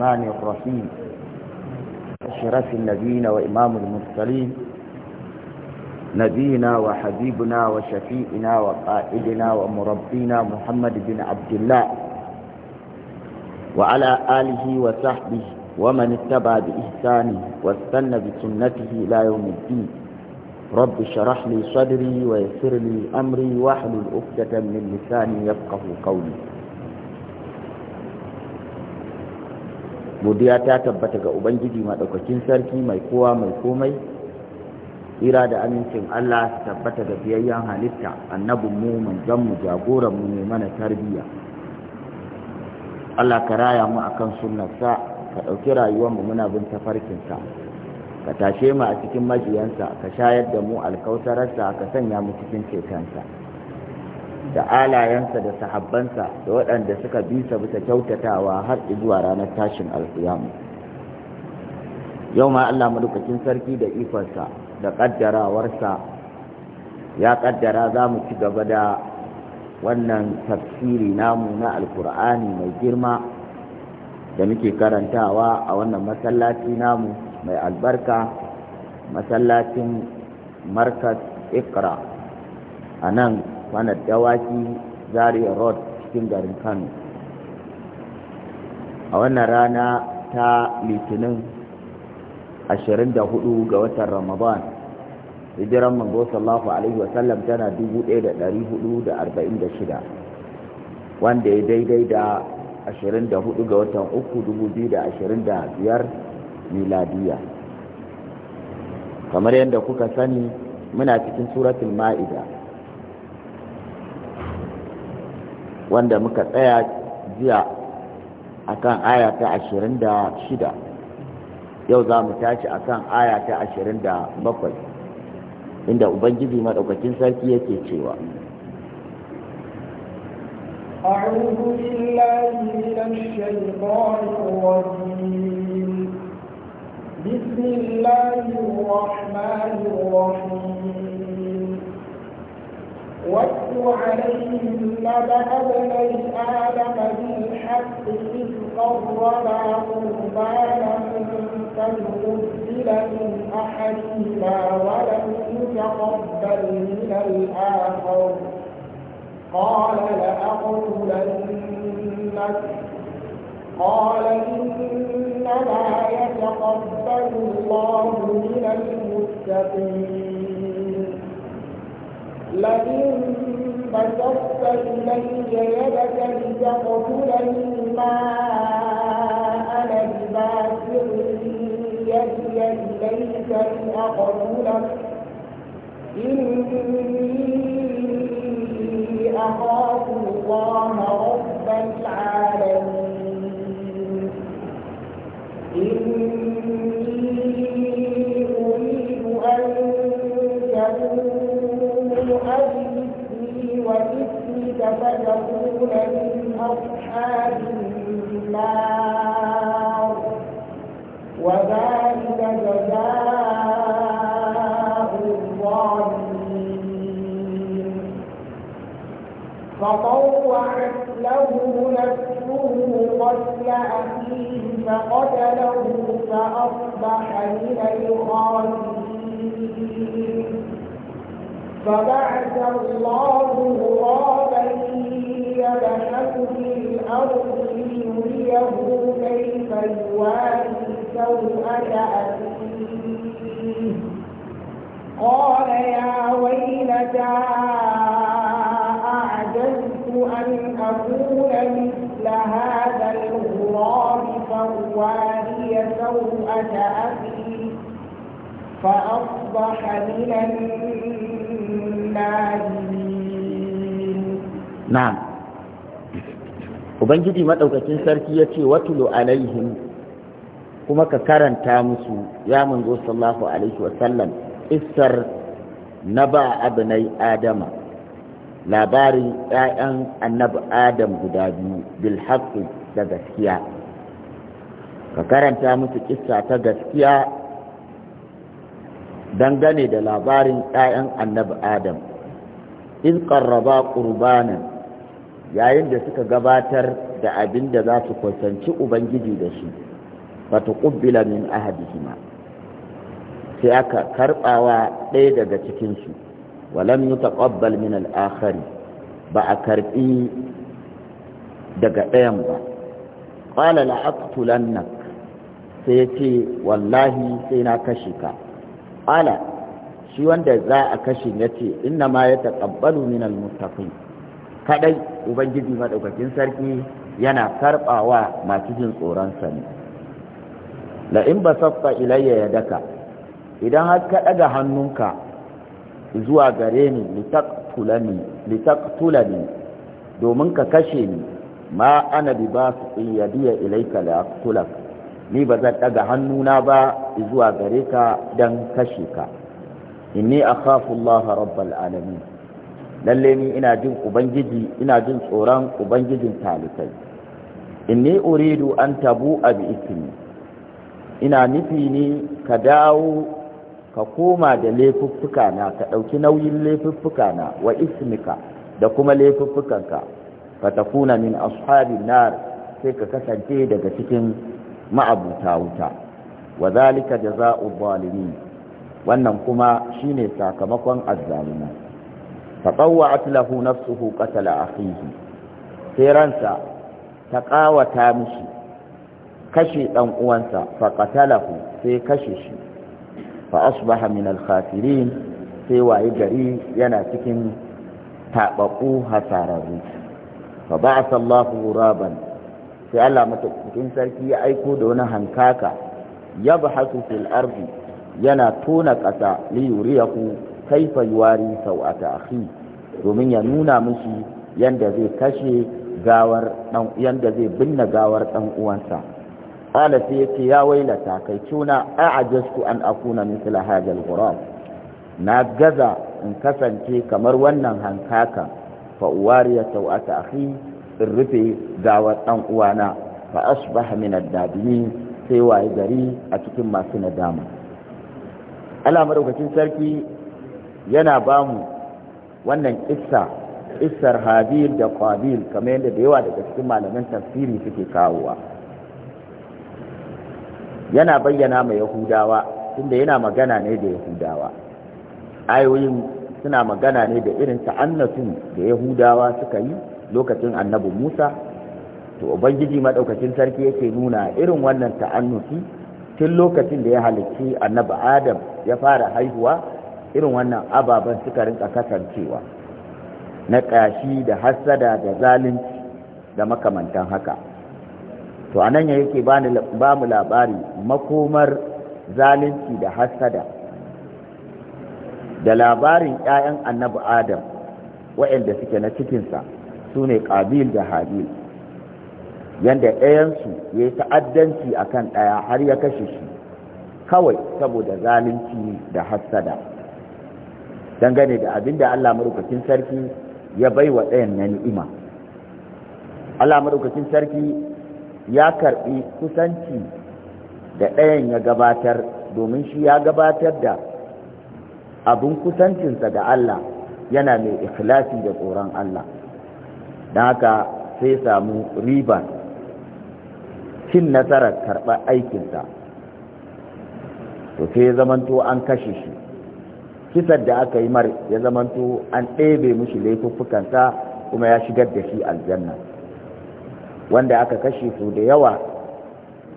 الرحمن الرحيم أشرف النبيين وإمام المرسلين نبينا وحبيبنا وشفيئنا وقائدنا ومربينا محمد بن عبد الله وعلى آله وصحبه ومن اتبع بإحسانه واستنى بسنته إلى يوم الدين رب اشرح لي صدري ويسر لي أمري واحلل عقدة من لساني يفقه قولي godiya ta tabbata ga ubangiji maɗaukakin sarki mai kowa mai komai tsira da amincin allah tabbata ga biyayyen halitta annabin mu manzanmu mu jagoran mu ne mana tarbiyya allah ka raya mu akan sunnarsa ka ɗauki rayuwar mu muna bin tafarkinsa ka tashe mu a cikin majiyansa ka shayar da mu alkautararsa ka sanya mu cikin cetonsa da alayensa da sahabbansa da waɗanda suka bisa sa bisa kyautatawa har zuwa ranar tashin alkiyama yau ma Allah madaukakin sarki da ikonsa da ƙaddarawarsa ya ƙaddara za mu ci gaba da wannan tafsiri namu na alkur'ani mai girma da muke karantawa a wannan masallaci namu mai albarka masallacin markas ikra a nan mana dawaki zaria road cikin garin kano a wannan rana ta litinin 24 ga watan ramadan hijiran mango sallallahu alaihi wasallam tana 1446 wanda ya daidai da 24 ga watan 3 2025 miladiya kamar yadda kuka sani muna cikin suratul ma'ida wanda muka tsaya jiya a akan aya ta 26 yau za mu tashi a akan aya ta 27 inda ubangiji madaukakin sarki yake cewa أعوذ بالله من الشيطان الرجيم بسم الله الرحمن الرحيم واتل عليهم نبأ ابني آدم بالحق إذ قربا قربانا فتقبل من أحدهما ولم يتقبل من الآخر قال لأقتلنك قال إنما يتقبل الله من المتقين لئن بسطت إلي يدك لتقتلني ما أنا بباسط يدي إليك لأقتلك إني أخاف الله رب العالمين إني وإثمك فتكون من أصحاب النار وذلك جزاء الظالمين فطوعت له نفسه قتل أخيه فقتله فأصبح من الخاسرين فبعث الله غرابا يبحث في الأرض ليريه كيف يواري سوءة أخيه قال يا ويلتى أعجزت أن أكون مثل هذا الغراب فأواري سوءة أخي فأصبح من الناس Ubangiji maɗaukacin sarki ya ce, Watulu alaihim kuma ka karanta musu ya manzo sallahu alaihi wasallam isar na ba abinai Adama, labarin ‘ya'yan annabi Adam guda biyu, bilhassu da gaskiya. Ka karanta musu kissa ta gaskiya dangane da labarin ‘ya'yan annabi adam in ƙarraba ƙurbanan yayin da suka gabatar da abin da za su kusanci ubangiji da shi bata ƙubbila min ahadihima sai aka karɓawa ɗaya daga cikinsu walam yi taƙabbal min al'akari ba a karɓi daga ɗayan ba ƙwala la'aktulan nan sai ya ce wallahi sai na kashe ka qala shi wanda za a kashe ya yace inna ma yataqabbalu minal muttaqin kadai ubangiji maɗaukakin sarki yana wa masu jin tsoron sa ne la in ya ilayya daka idan har ka daga hannunka zuwa gare ni litaqtulani litaqtulani domin ka kashe ni ma ana bi ba su yadiya ilaika la aqtulaka ni ba zan ɗaga hannuna ba zuwa gare ka don kashe ka inni akhafu Allah rabbal alamin lalle ni ina jin ubangiji ina jin tsoron ubangijin talikai inni uridu an tabu bi ismi ina nufi ne ka dawo ka koma da laifuffuka na ka ɗauki nauyin laifuffuka na wa ismika da kuma laifuffukanka ka takuna min ashabin nar sai ka kasance daga cikin ma'abuta wuta wa zalika jaza'u zalimin wannan kuma shine sakamakon azzalima fatawwa'at atlahu nafsuhu qatala akhihi sai ransa ta ƙawata mishi kashe dan uwansa fa qatalahu sai kashe shi fa asbaha min al-khasirin sai waye gari yana cikin tabaku hasararru fa ba'atha Allahu ghuraban sai Allah cikin sarki ya aiko da wani hankaka ya ba hasu fil ardi yana tona kasa li yuriyaku kaifa yuwari sau'ata akhi domin ya nuna musu yanda zai kashe gawar dan yanda zai binne gawar ɗan uwansa qala sai yace ya wailata kai tuna a'ajastu an akuna misla hadha al na gaza in kasance kamar wannan hankaka fa ya sau'ata akhi in rufe gawar ɗan uwana fa asbaha min ad dabini sai waye gari a cikin masu nadama Allah madaukakin sarki yana ba mu wannan isa kissar Habil da kwabil kamar yadda da yawa daga cikin malaman tafsiri suke kawowa yana bayyana ma Yahudawa tunda yana magana ne da Yahudawa ayoyin suna magana ne da irin ta'annatun da Yahudawa suka yi lokacin annabi Musa to ubangiji madaukakin sarki yake nuna irin wannan ta'annufi tun lokacin da ya halicci annabi Adam ya fara haihuwa irin wannan ababen suka rinka kasancewa na ƙashi da hassada da zalunci da makamantan haka to anan yake ba mu labari makomar zalunci da hassada da labarin 'ya'yan annabi adam waɗanda suke na cikinsa su ne ƙabil da habil yadda ɗayansu ya yi ta'addanci a kan ɗaya har ya kashe shi kawai saboda zalunci da hassada dangane da abin da allah marukacin sarki ya bai wa ɗayan na ni'ima allah marukacin sarki ya karɓi kusanci da ɗayan ya gabatar domin shi ya gabatar da abin kusancinsa ga allah yana mai ikhlasi da tsoron allah da haka sai samu riba cin nasarar karɓar aikinsa to sai ya zamanto an kashe shi kisar da aka yi mar ya zamanto an ɗebe mushi laifuffukansa kuma ya shigar da shi aljanna wanda aka kashe su da yawa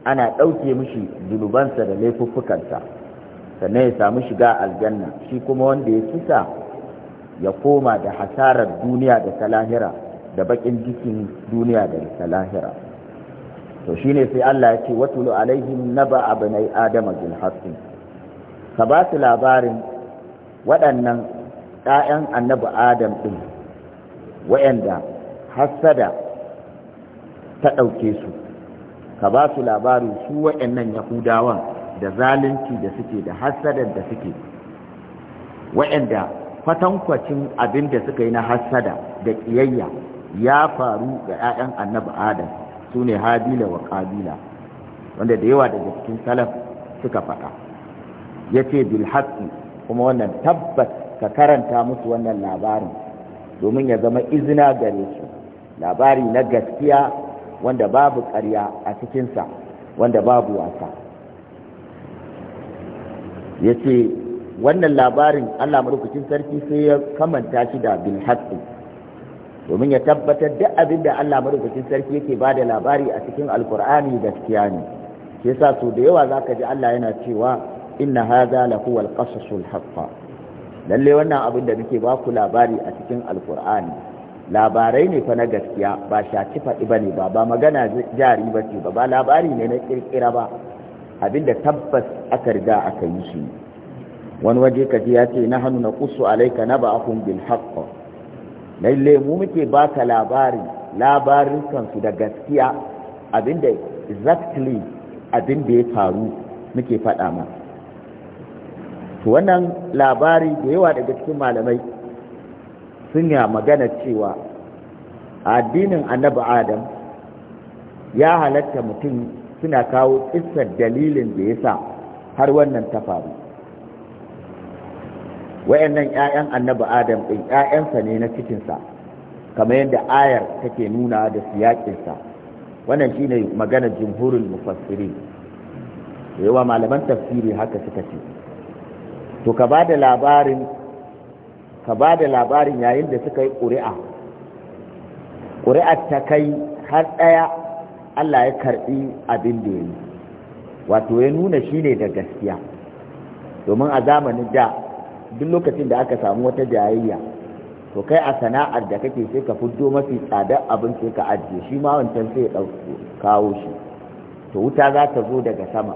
ana ɗauke mushi zunubansa da laifuffukansa sannan ya samu shiga aljanna shi kuma wanda ya kisa ya koma da hasarar duniya da ta lahira da bakin jikin duniya da lahira to shine sai Allah ya ce watulu alaihim naba abnai adama bil haqqi ka ba su labarin waɗannan ɗayan annabi adam ɗin wayanda hassada ta ɗauke su ka ba su labarin su wayannan yahudawan da zalunci da suke da hassadar da suke wayanda kwatankwacin abin da suka yi na hassada da ƙiyayya ya faru ga 'ya'yan annabi adam su ne habila wa kabila wanda da yawa daga cikin salaf suka faɗa ya ce bilhassi kuma wannan tabbas ka karanta musu wannan labarin domin ya zama izina gare su labari na gaskiya wanda babu ƙarya a cikinsa wanda babu wasa ya ce wannan labarin allah marukucin sarki sai ya kamanta shi da bilhassi domin ya tabbatar duk abin da Allah madaukakin sarki yake ba da labari a cikin alkur'ani gaskiya ne shi yasa su da yawa zaka ji Allah yana cewa inna haza la huwa al-qasasul haqq lalle wannan abin da muke ba ku labari a cikin alkur'ani labarai ne fa na gaskiya ba shaci faɗi ne ba ba magana jari ba ce ba ba labari ne na ƙirƙira ba abin da tabbas aka riga aka yi shi wani waje kaji ya ce na na hannu nahnu alaika na naba'ahum bil haqq lalle mu muke baka labari labarin kansu da gaskiya abinda exactly da ya faru muke faɗa ma to wannan labari da yawa daga cikin malamai sun ya magana cewa addinin annabi adam ya halatta mutum suna kawo kissar dalilin da ya sa har wannan ta faru wayannan ƴaƴan annabi adam ɗin ƴaƴansa ne na cikinsa kamar yadda ayar take nuna da yaƙinsa. wannan shine magana jumhurul mufassiri da yawa malaman tafsiri haka suka ce to ka ba da labarin ka ba labarin yayin da suka yi ƙuri'a ƙuri'ar ta kai har ɗaya Allah ya karɓi abin da ya yi wato ya nuna shine da gaskiya domin a zamanin da duk lokacin da aka samu wata jayayya to kai a sana'ar da kake sai ka fito mafi tsada abin sai ka ajiye shi ma wancan sai ya kawo shi to wuta za ta zo daga sama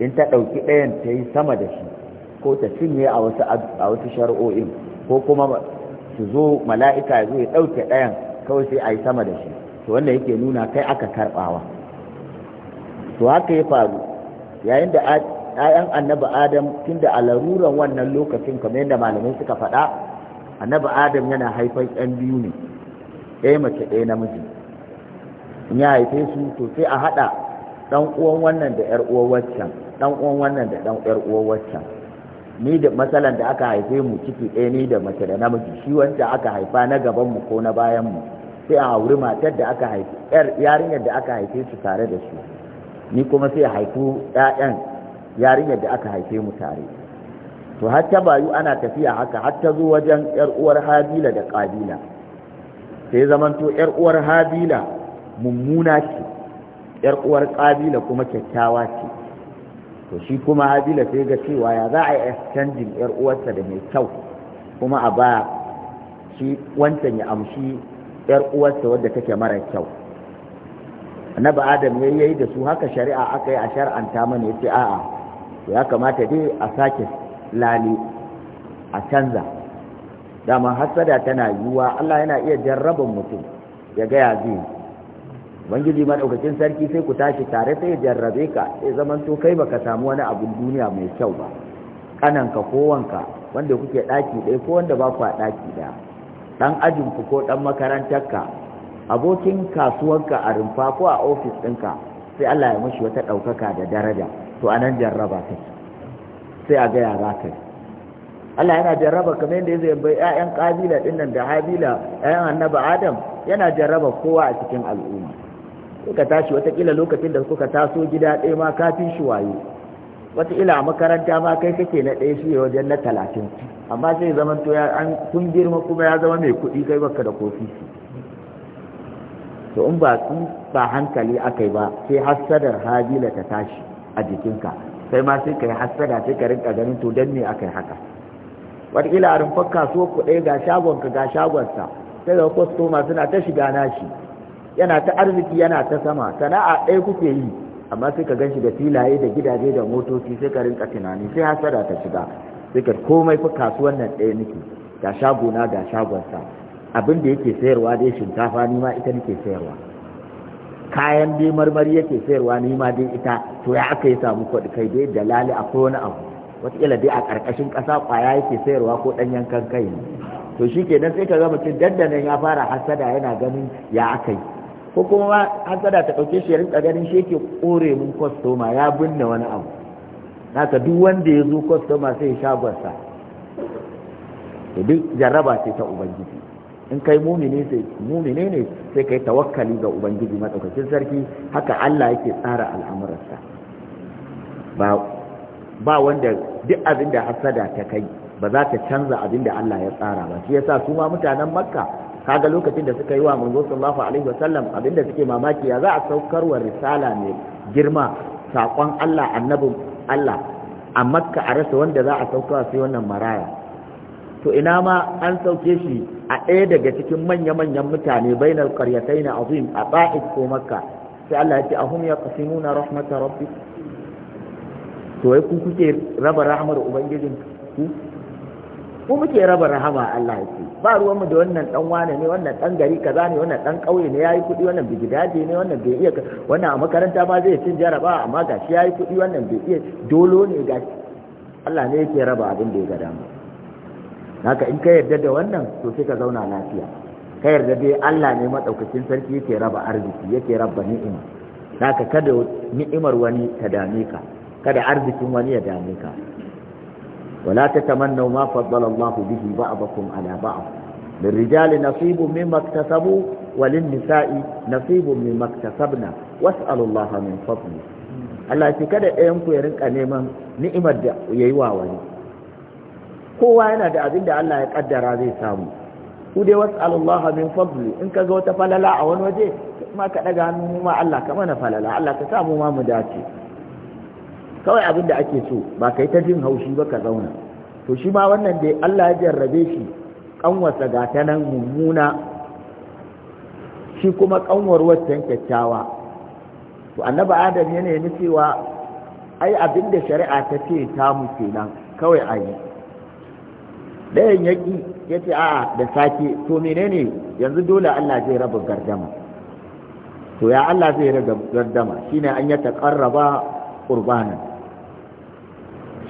in ta ɗauki ɗayan ta yi sama da shi ko ta cinye a wasu a wasu shari'o'in ko kuma su zo mala'ika ya zo ya ɗauke ɗayan kawai sai a yi sama da shi to wanda yake nuna kai aka karɓawa to haka ya faru yayin da 'ya'yan annabi adam tun da alaruran wannan lokacin kamar yadda malamai suka faɗa annabi adam yana haifar 'yan biyu ne ɗaya mace ɗaya namiji in ya haife su to sai a haɗa ɗan uwan wannan da ƴar uwan waccan ɗan wannan da ɗan uwan waccan ni da matsalan da aka haife mu ciki ɗaya ni da mace da namiji shi wanda aka haifa na gaban mu ko na bayan mu sai a auri matar da aka haife yarinyar da aka haife su tare da su ni kuma sai haifu 'ya'yan yarinyar da aka haife mu tare to har ta bayu ana tafiya haka har ta zo wajen yar uwar habila da kabila sai zaman to yar uwar habila mummuna ce yar uwar kabila kuma kyakkyawa ce to shi kuma habila sai ga cewa ya za a yi exchanging yar uwarsa da mai kyau kuma a ba shi wancan ya amshi yar uwarsa wadda take mara kyau annabi adam yayi da su haka shari'a aka yi a shar'anta mana yace a'a ya kamata dai a sake lali a canza dama hasada tana yiwuwa Allah yana iya jarrabin mutum ya gaya zai bangiji maɗaukacin sarki sai ku tashi tare sai ya jarrabe ka sai zaman to kai baka samu wani abun duniya mai kyau ba kananka ko wanka wanda kuke ɗaki ɗaya ko wanda ba ku a ɗaki ɗaya ɗan ajinku ko ɗan makarantarka abokin kasuwanka a rumfa ko a ofis ɗinka sai Allah ya mashi wata ɗaukaka da daraja to anan jarraba kai sai a ga yara kai Allah yana jarraba kamar yadda zai bai ƴaƴan kabila din nan da habila ƴaƴan annabi adam yana jarraba kowa a cikin al'umma kuka tashi watakila lokacin da kuka taso gida ɗaya ma kafin shi waye watakila a makaranta ma kai kake na ɗaya shi wajen na talatin amma sai zaman to an kun girma kuma ya zama mai kuɗi kai baka da kofi to in ba ba hankali akai ba sai hassadar habila ta tashi a jikinka sai ma sai ka yi hassada sai ka rinka ganin to dan ne akai yi haka wataƙila a rumfar kasuwar ku ga ga ka ga shagonsa sai ga kwastoma suna ta shiga nashi yana ta arziki yana ta sama sana'a ɗaya kuke yi amma sai ka gan shi da filaye da gidaje da motoci sai ka rinka tunani sai hassada ta shiga sai ka komai fa kasuwan nan ɗaya nake ga shagona ga shagonsa abin da yake sayarwa dai shinkafa ni ma ita nake sayarwa kayan dai marmari yake sayarwa ni ma dai ita to ya aka yi samu kuɗi kai dai dalali akwai wani abu wataƙila dai a ƙarƙashin ƙasa ƙwaya yake sayarwa ko ɗan yankan kai ne to shi kenan sai ka ga mutum dandanan ya fara hasada yana ganin ya aka yi ko kuma hasada ta ɗauke shi ya rinka ganin shi yake ƙore mun kwastoma ya binne wani abu naka duk wanda ya zo kwastoma sai ya sha to duk jarraba ce ta ubangiji in kai mumini sai mumine ne sai kai tawakkali ga ubangiji madaukakin sarki haka Allah yake tsara al'amuransa ba ba wanda duk abin da hasada ta kai ba za ta canza abin da Allah ya tsara ba shi yasa su ma mutanen makka kaga lokacin da suka yi wa manzo sallallahu alaihi wasallam abin da suke mamaki ya za a saukarwa risala mai girma sakon Allah annabin Allah a makka a rasa wanda za a saukawa sai wannan maraya to ina ma an sauke shi a ɗaya daga cikin manya-manyan mutane bai na ƙaryatai na azim a ba'id ko makka sai Allah ya ce ahum ya nuna rahmatar rabbi to wai kun kuke raba rahmar ubangijin ku ku muke raba rahama Allah ya ce ba ruwanmu da wannan ɗan wane ne wannan ɗan gari kaza ne wannan ɗan ƙauye ne Ya yi kuɗi wannan bigidaje ne wannan bai iya wannan a makaranta ba zai cin jaraba amma gashi yi kuɗi wannan bai iya dolo ne gashi Allah ne yake raba abin da ya ga dama haka in ka yarda da wannan to sai ka zauna lafiya ka yarda dai Allah ne madaukakin sarki yake raba arziki yake raba ni'ima haka kada ni'imar wani ta dame ka kada arzikin wani ya dame ka wala ta tamanna ma faddala Allah bihi ba'dakum ala ba'd للرجال نصيب مما اكتسبوا وللنساء نصيب مما اكتسبنا واسألوا الله من فضله Allah ce kada ɗayan ku ya rinka neman ni'imar da yayi wa wani kowa yana da abin da Allah ya kaddara zai samu ku dai was'alullah min fadli in ka ga wata falala a wani waje ma ka daga hannu ma Allah ka mana falala Allah ka samu ma mu dace kawai abin da ake so ba kai ta jin haushi ba ka zauna to shi ma wannan dai Allah ya jarrabe shi kanwarsa ga ta nan mummuna shi kuma kanwar waccan kyakkyawa to annabi adam yana nemi cewa ai abin da shari'a ta ce ta mu kenan kawai ayi. ɗayan ya ya ce a'a da sake to menene yanzu dole Allah zai raba gardama to ya Allah zai rabu gardama shine an ya taƙarraba ƙurbanan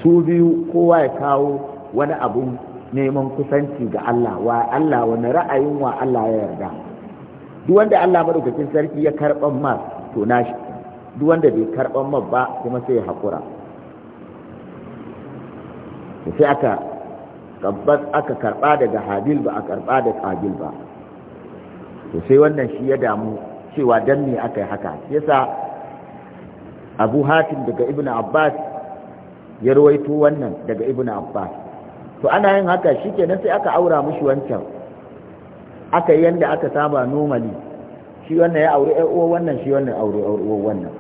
su biyu kowa ya kawo wani abun neman kusanci ga Allah wa Allah wani ra'ayin wa Allah ya yarda duk wanda Allah madaukakin sarki ya karɓan ma to nashi duk wanda bai karɓan ma ba kuma sai ya haƙura sai aka tabbas aka karba daga habil ba a karba da kabil ba to sai wannan shi ya damu cewa dan ne aka yi haka yasa abu hatim daga ibn abbas ya rawaito wannan daga Ibn abbas to ana yin haka shikenan sai aka aura mushi wancan aka yi yanda aka saba normally shi wannan ya aure uwa wannan shi wannan aure uwa wannan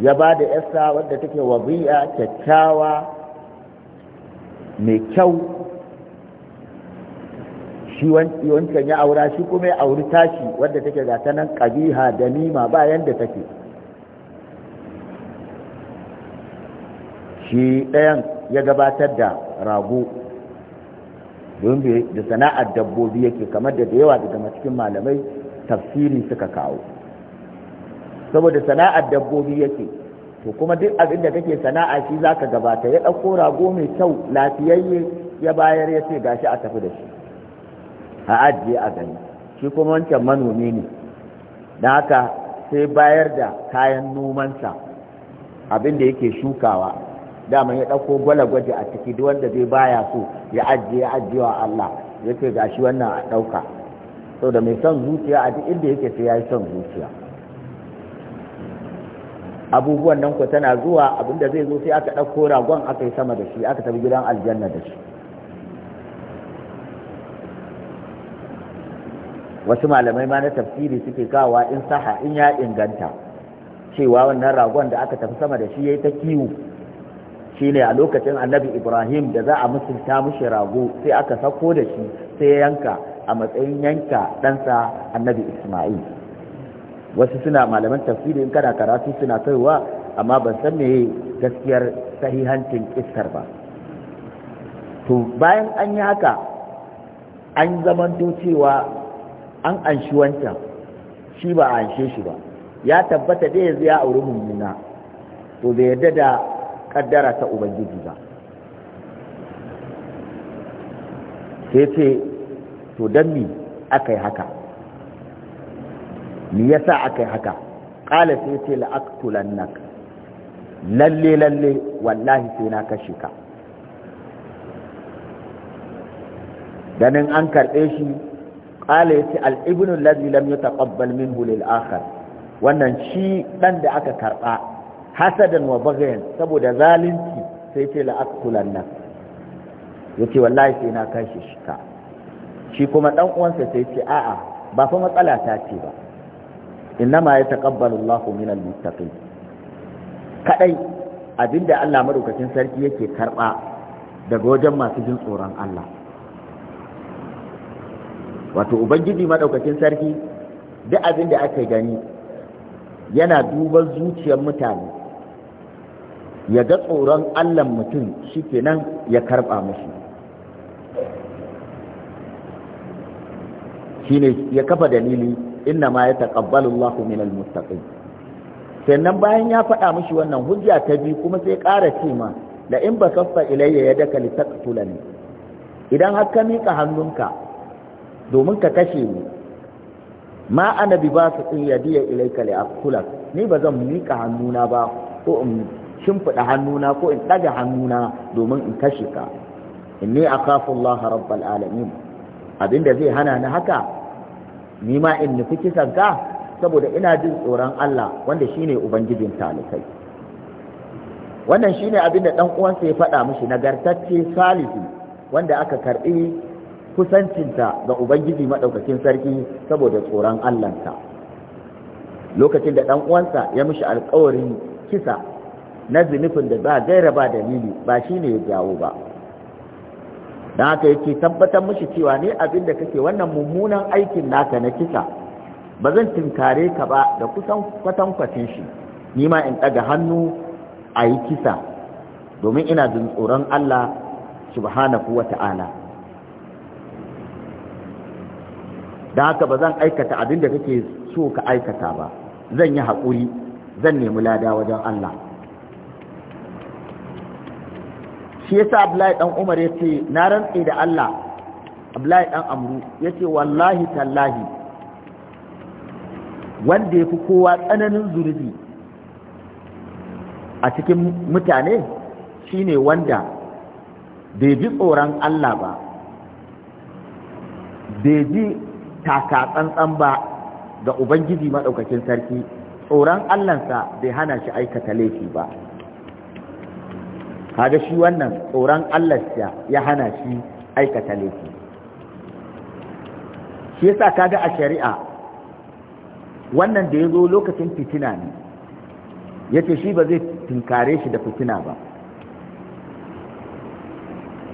ya ba da yasa wadda take wabi'a kyakkyawa mai kyau shi wancan ya aura shi kuma ya auri tashi wadda take ga ta nan ƙabiha da nima bayan da take shi ɗayan ya gabatar da rago don da sana'ar dabbobi yake kamar da da yawa daga cikin malamai tafsiri suka kawo saboda sana'ar dabbobi yake to kuma duk abin da kake sana'a shi zaka gabata ya ɗauko rago mai kyau lafiyayye ya bayar ya ce gashi a tafi da shi a ajiye a gani shi kuma wancan manomi ne da haka sai bayar da kayan nomansa abin da yake shukawa dama ya ɗauko gwalagwaje a ciki duk wanda zai baya so ya ajiye ya ajiye wa Allah ya ce gashi wannan a ɗauka saboda mai son zuciya a duk inda yake sai ya yi son zuciya abubuwan nan ku tana zuwa abinda zai zo sai aka ɗauko ragon aka yi sama da shi aka tafi gidan aljanna da shi wasu malamai ma na tafsiri suke kawa in saha in ya inganta cewa wannan ragon da aka tafi sama da shi ya yi ta kiwo shine a lokacin annabi ibrahim da za a musulta mushi rago sai aka sako da shi sai yanka a matsayin yanka ɗansa annabi ismail wasu suna malaman tafsiri in kana karatu suna kaiwa amma ban san me gaskiyar sahihancin iskar ba to bayan an yi haka an zamanto cewa an anshi wancan shi ba a anshe shi ba ya tabbata dai yanzu ya auri mummuna to bai yarda da kaddara ta ubangiji ba sai ce to don me aka yi haka me yasa aka yi haka ƙala sai ce la'aktulan nan lalle lalle wallahi sai na kashe ka ganin an karɓe shi ƙala ya ce ibnu lazi lam yataqabbal minhu min akhar wannan shi dan da aka karɓa hasadan wa baghyan saboda zalunci sai ce la nan ya ce wallahi sai na kashe shi ka shi kuma ɗan uwansa sai ce a'a ba fa matsala ta ce ba Inna ya taqabbalu Allahu minal muttaqin kadai abinda Allah madaukakin sarki yake karba daga wajen masu jin tsoron Allah wato ubangiji madaukakin sarki duk abinda ake gani yana duban zuciyar mutane ya ga tsoron Allah mutum shikenan ya karba mashi shine ya kafa dalili inna ma ya Allahu minal muttaqin sannan bayan ya faɗa mashi wannan hujja ta biyu kuma sai ƙara ce ma la in basasta ilayya yadaka litaqtulani idan har ka mika hannunka domin ka kashe ni ma ana bi basitin yadiya ilayka li aqtulak ni ba zan mika hannuna ba ko in shimfiɗa hannuna ko in ɗaga hannuna domin in kashe ka inni akhafu Allah rabbal alamin abinda zai hana ni haka ni ma in nufi kisan ka saboda ina jin tsoron Allah wanda shine ubangijin talikai wannan shine abin da dan uwansa ya faɗa mishi nagartacce salihu wanda aka karbi kusancinta ga ubangiji madaukakin sarki saboda tsoron allahnta lokacin da dan uwansa ya mishi alƙawarin kisa na zunufin da ba gaira ba dalili ba shine ya jawo ba da haka yake tabbatar mishi cewa ne abin da kake wannan mummunan aikin naka na kisa ba zan tinkare ka ba da kusan kwatankwacin shi ni ma in ɗaga hannu a yi kisa domin ina jin tsoron Allah subhanahu wa ta'ala da haka ba zan aikata abin da kake so ka aikata ba zan yi haƙuri zan nemi lada wajen Allah shi yasa Abdullahi dan Umar yace na rantse da Allah Abdullahi dan Amru yace wallahi tallahi wanda yafi kowa tsananin zunubi a cikin mutane shine wanda bai ji tsoron Allah ba bai ji taka tsantsan ba ga Ubangiji madaukakin sarki tsoron Allahnsa bai hana shi aikata laifi ba kaga shi wannan tsoron Allah ya hana shi aikata laifi shi yasa kaga a shari'a wannan da ya zo lokacin fitina ne yace shi ba zai tinkare shi da fitina ba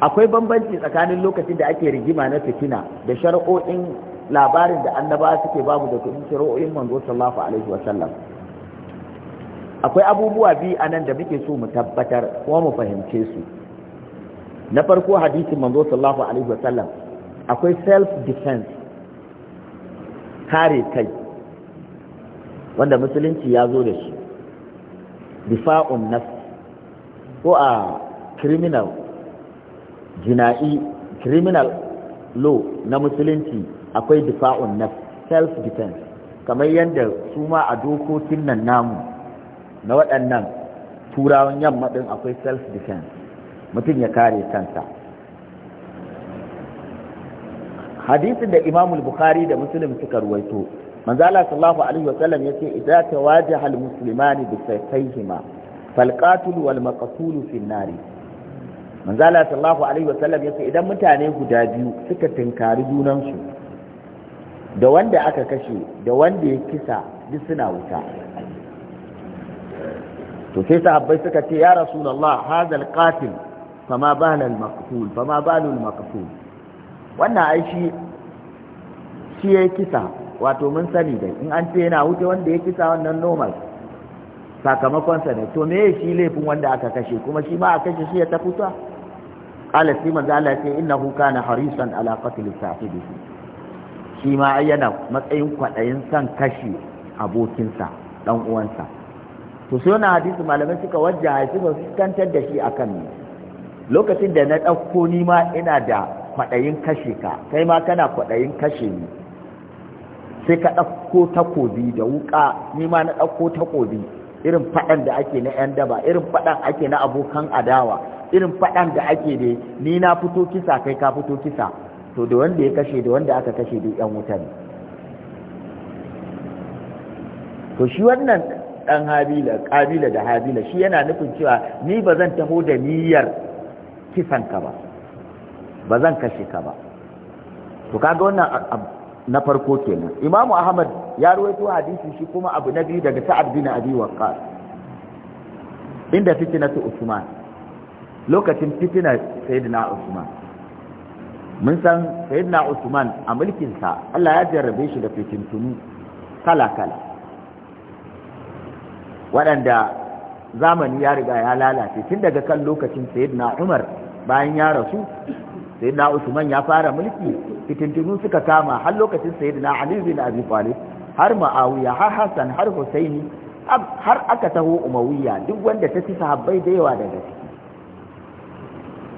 akwai bambanci tsakanin lokacin da ake rigima na fitina da shari'o'in labarin da annaba suke babu da kudin shari'o'in manzo sallallahu alaihi wasallam akwai abubuwa biyu anan da muke so mu tabbatar kuma mu fahimce su na farko hadisin manzo sallallahu alaihi wasallam akwai self defense kare kai wanda musulunci ya zo da shi difa'un nafs ko a criminal jina'i criminal law na musulunci akwai difa'un nafs self defense kamar yadda su ma a dokokin nan namu na waɗannan turawan yamma ɗin akwai self defense mutum ya kare kansa hadisin da imamul bukhari da muslim suka ruwaito Allah sallallahu alaihi sallam yace idza tawajaha al muslimani bi fal qatil wal maqtul fi an-nar Allah sallallahu alaihi sallam yace idan mutane guda biyu suka tinkari junansu da wanda aka kashe da wanda ya kisa duk suna wuta to sai sahabbai suka ce ya rasulullah hazal qatil fama balal maqtul fama balul maqtul wannan ai shi shi yayi kisa wato mun sani dai in an ce yana wuce wanda ya kisa wannan normal sakamakon sa ne to me shi laifin wanda aka kashe kuma shi ma a kashe shi ya ta fita qala sai in Allah ce innahu kana harisan ala qatl sahibihi shi ma ayyana yana matsayin kwadayin san kashe abokinsa dan uwansa to sai na hadisi malamai suka wajja su fuskantar da shi akan ni lokacin da na ɗauko ni ma ina da kwaɗayin kashe ka kai ma kana kwaɗayin kashe ni sai ka ɗauko takobi da wuƙa ni ma na ɗauko takobi irin faɗan da ake na 'yan daba irin faɗan ake na abokan adawa irin faɗan da ake da ni na fito kisa kai ka fito kisa to da wanda ya kashe da wanda aka kashe duk 'yan wuta ne to shi wannan Ɗan habila kabila da habila shi yana nufin cewa ni ba taho da niyyar kisan ka ba ba kashe ka ba to kaga wannan na farko kenan imamu ahmad ya ruwaito hadisi shi kuma abu na daga sa'ad bin abi waqqas inda fitinatu usman lokacin fitina sayyidina usman mun san sayyidina usman a mulkinsa Allah ya jarrabe shi da fitintunu kala kala waɗanda zamani ya riga ya lalace tun daga kan lokacin sayyidina umar bayan ya rasu sayyidina usman ya fara mulki fitintunu suka kama har lokacin sayyidina ali bin abi talib har ma'awiya har hassan har husaini har aka taho umawiya duk wanda ta ci sahabbai da yawa daga ciki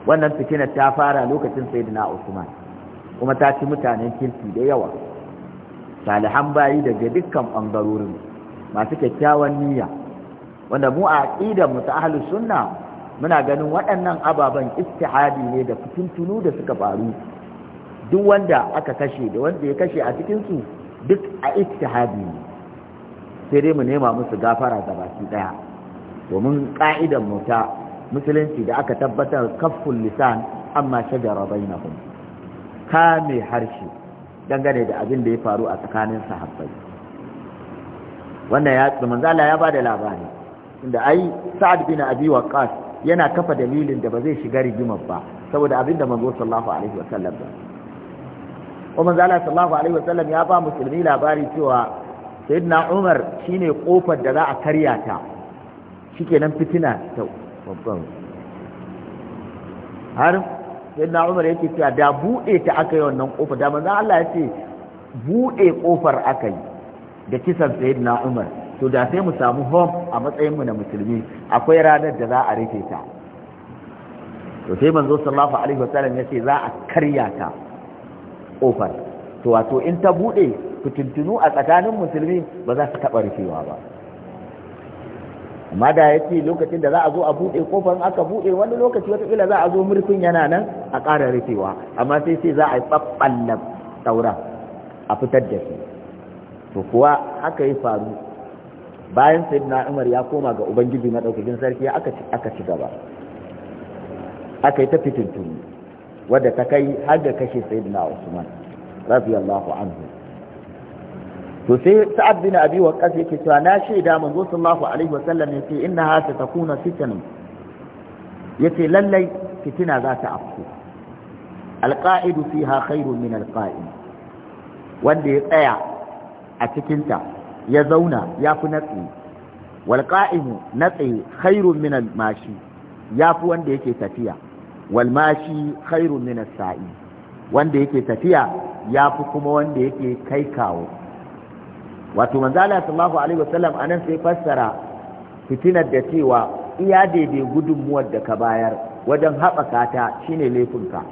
wannan fitinar ta fara lokacin sayyidina usman kuma ta ci mutanen kirki da yawa salihan bayi daga dukkan ɓangarorin masu kyakkyawan niyya wanda mu a aqidar mu ta ahlus sunna muna ganin waɗannan ababen istihadi ne da fitintunu da suka faru duk wanda aka kashe da wanda ya kashe a cikin su duk a istihadi ne sai dai mu nema musu gafara da baki daya domin ka'idar mu ta musulunci da aka tabbatar kafin lisan amma shajara kuma, kame harshe dangane da abin da ya faru a tsakanin sahabbai wannan ya manzala ya bada labari da ai sa'ad bin abi waqas yana kafa dalilin da ba zai shiga rigimar ba saboda abinda manzo sallallahu alaihi wasallam ba kuma zalla sallallahu alaihi wasallam ya ba musulmi labari cewa sayyidina umar shine kofar da za a karya ta shikenan fitina ta babban har sayyidina umar yake cewa da bude ta aka yi wannan kofar da manzo Allah ya ce bude kofar aka yi da kisan sayyidina umar to da sai mu samu home a matsayinmu na musulmi akwai ranar da za a rufe ta to sai manzo sallallahu alaihi wasallam ce za a karya ta kofar to wato in ta bude fitintunu a tsakanin musulmi ba za su taba rufewa ba amma da yace lokacin da za a zo a bude kofar aka bude wani lokaci wata kila za a zo murfin yana nan a ƙara rufewa amma sai sai za a yi babballan daura a fitar da shi to kuwa haka ya faru bayan sayyidina umar ya koma ga ubangiji madaukakin sarki aka ci aka gaba aka yi ta fitintuni wadda ta kai har da kashe sayyidina usman radiyallahu anhu to sai sa'ad bin abi waqqas yake cewa na shaida manzo sallallahu alaihi sallam yace innaha takuna fitnatun yace lallai fitina za ta afku alqa'idu fiha khairun min alqa'im wanda ya tsaya a cikinta ya zauna ya fi natsi walƙa'imu natsi khairun min mashi ya fi wanda yake tafiya walmashi khairun min sa'i wanda yake tafiya ya fi kuma wanda yake kai kawo wato manzala sallallahu alaihi wasallam anan sai fassara fitinar da cewa iya daidai gudunmuwar da ka bayar wajen haɓaka ta shine laifinka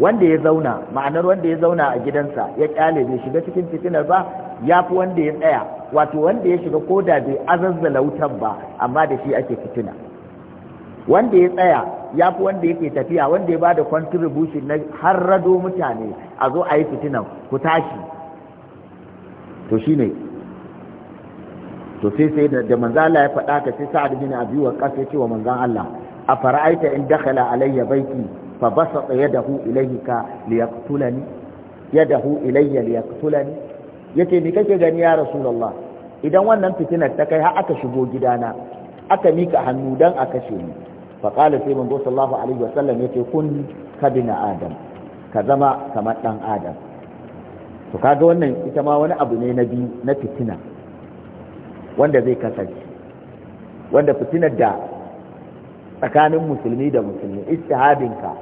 wanda ya zauna ma'anar wanda ya zauna a gidansa ya kyale bai shiga cikin fitinar ba ya fi wanda ya tsaya wato wanda ya shiga ko da bai azazzala wutar ba amma da shi ake fitina wanda ya tsaya ya fi wanda yake tafiya wanda ya bada contribution na har rado mutane a zo a yi fitinan ku tashi to shine to sai sai da manzala ya faɗa ka sai sa'ad bin abi ƙasa ya ce wa manzan Allah a fara'aita in dakhala alayya baiti fa basata yadahu ilayka liyaqtulani yadahu ilayya liyaqtulani Yake ni kake gani ya rasulullah idan wannan fitinar ta kai har aka shigo gidana aka mika hannu dan a kashe ni fa qala sai manzo sallallahu alaihi wasallam yake kun kabina adam ka zama kamar dan adam to kaga wannan ita ma wani abu ne na biyu na fitina wanda zai kasance wanda fitinar da tsakanin musulmi da musulmi istihadinka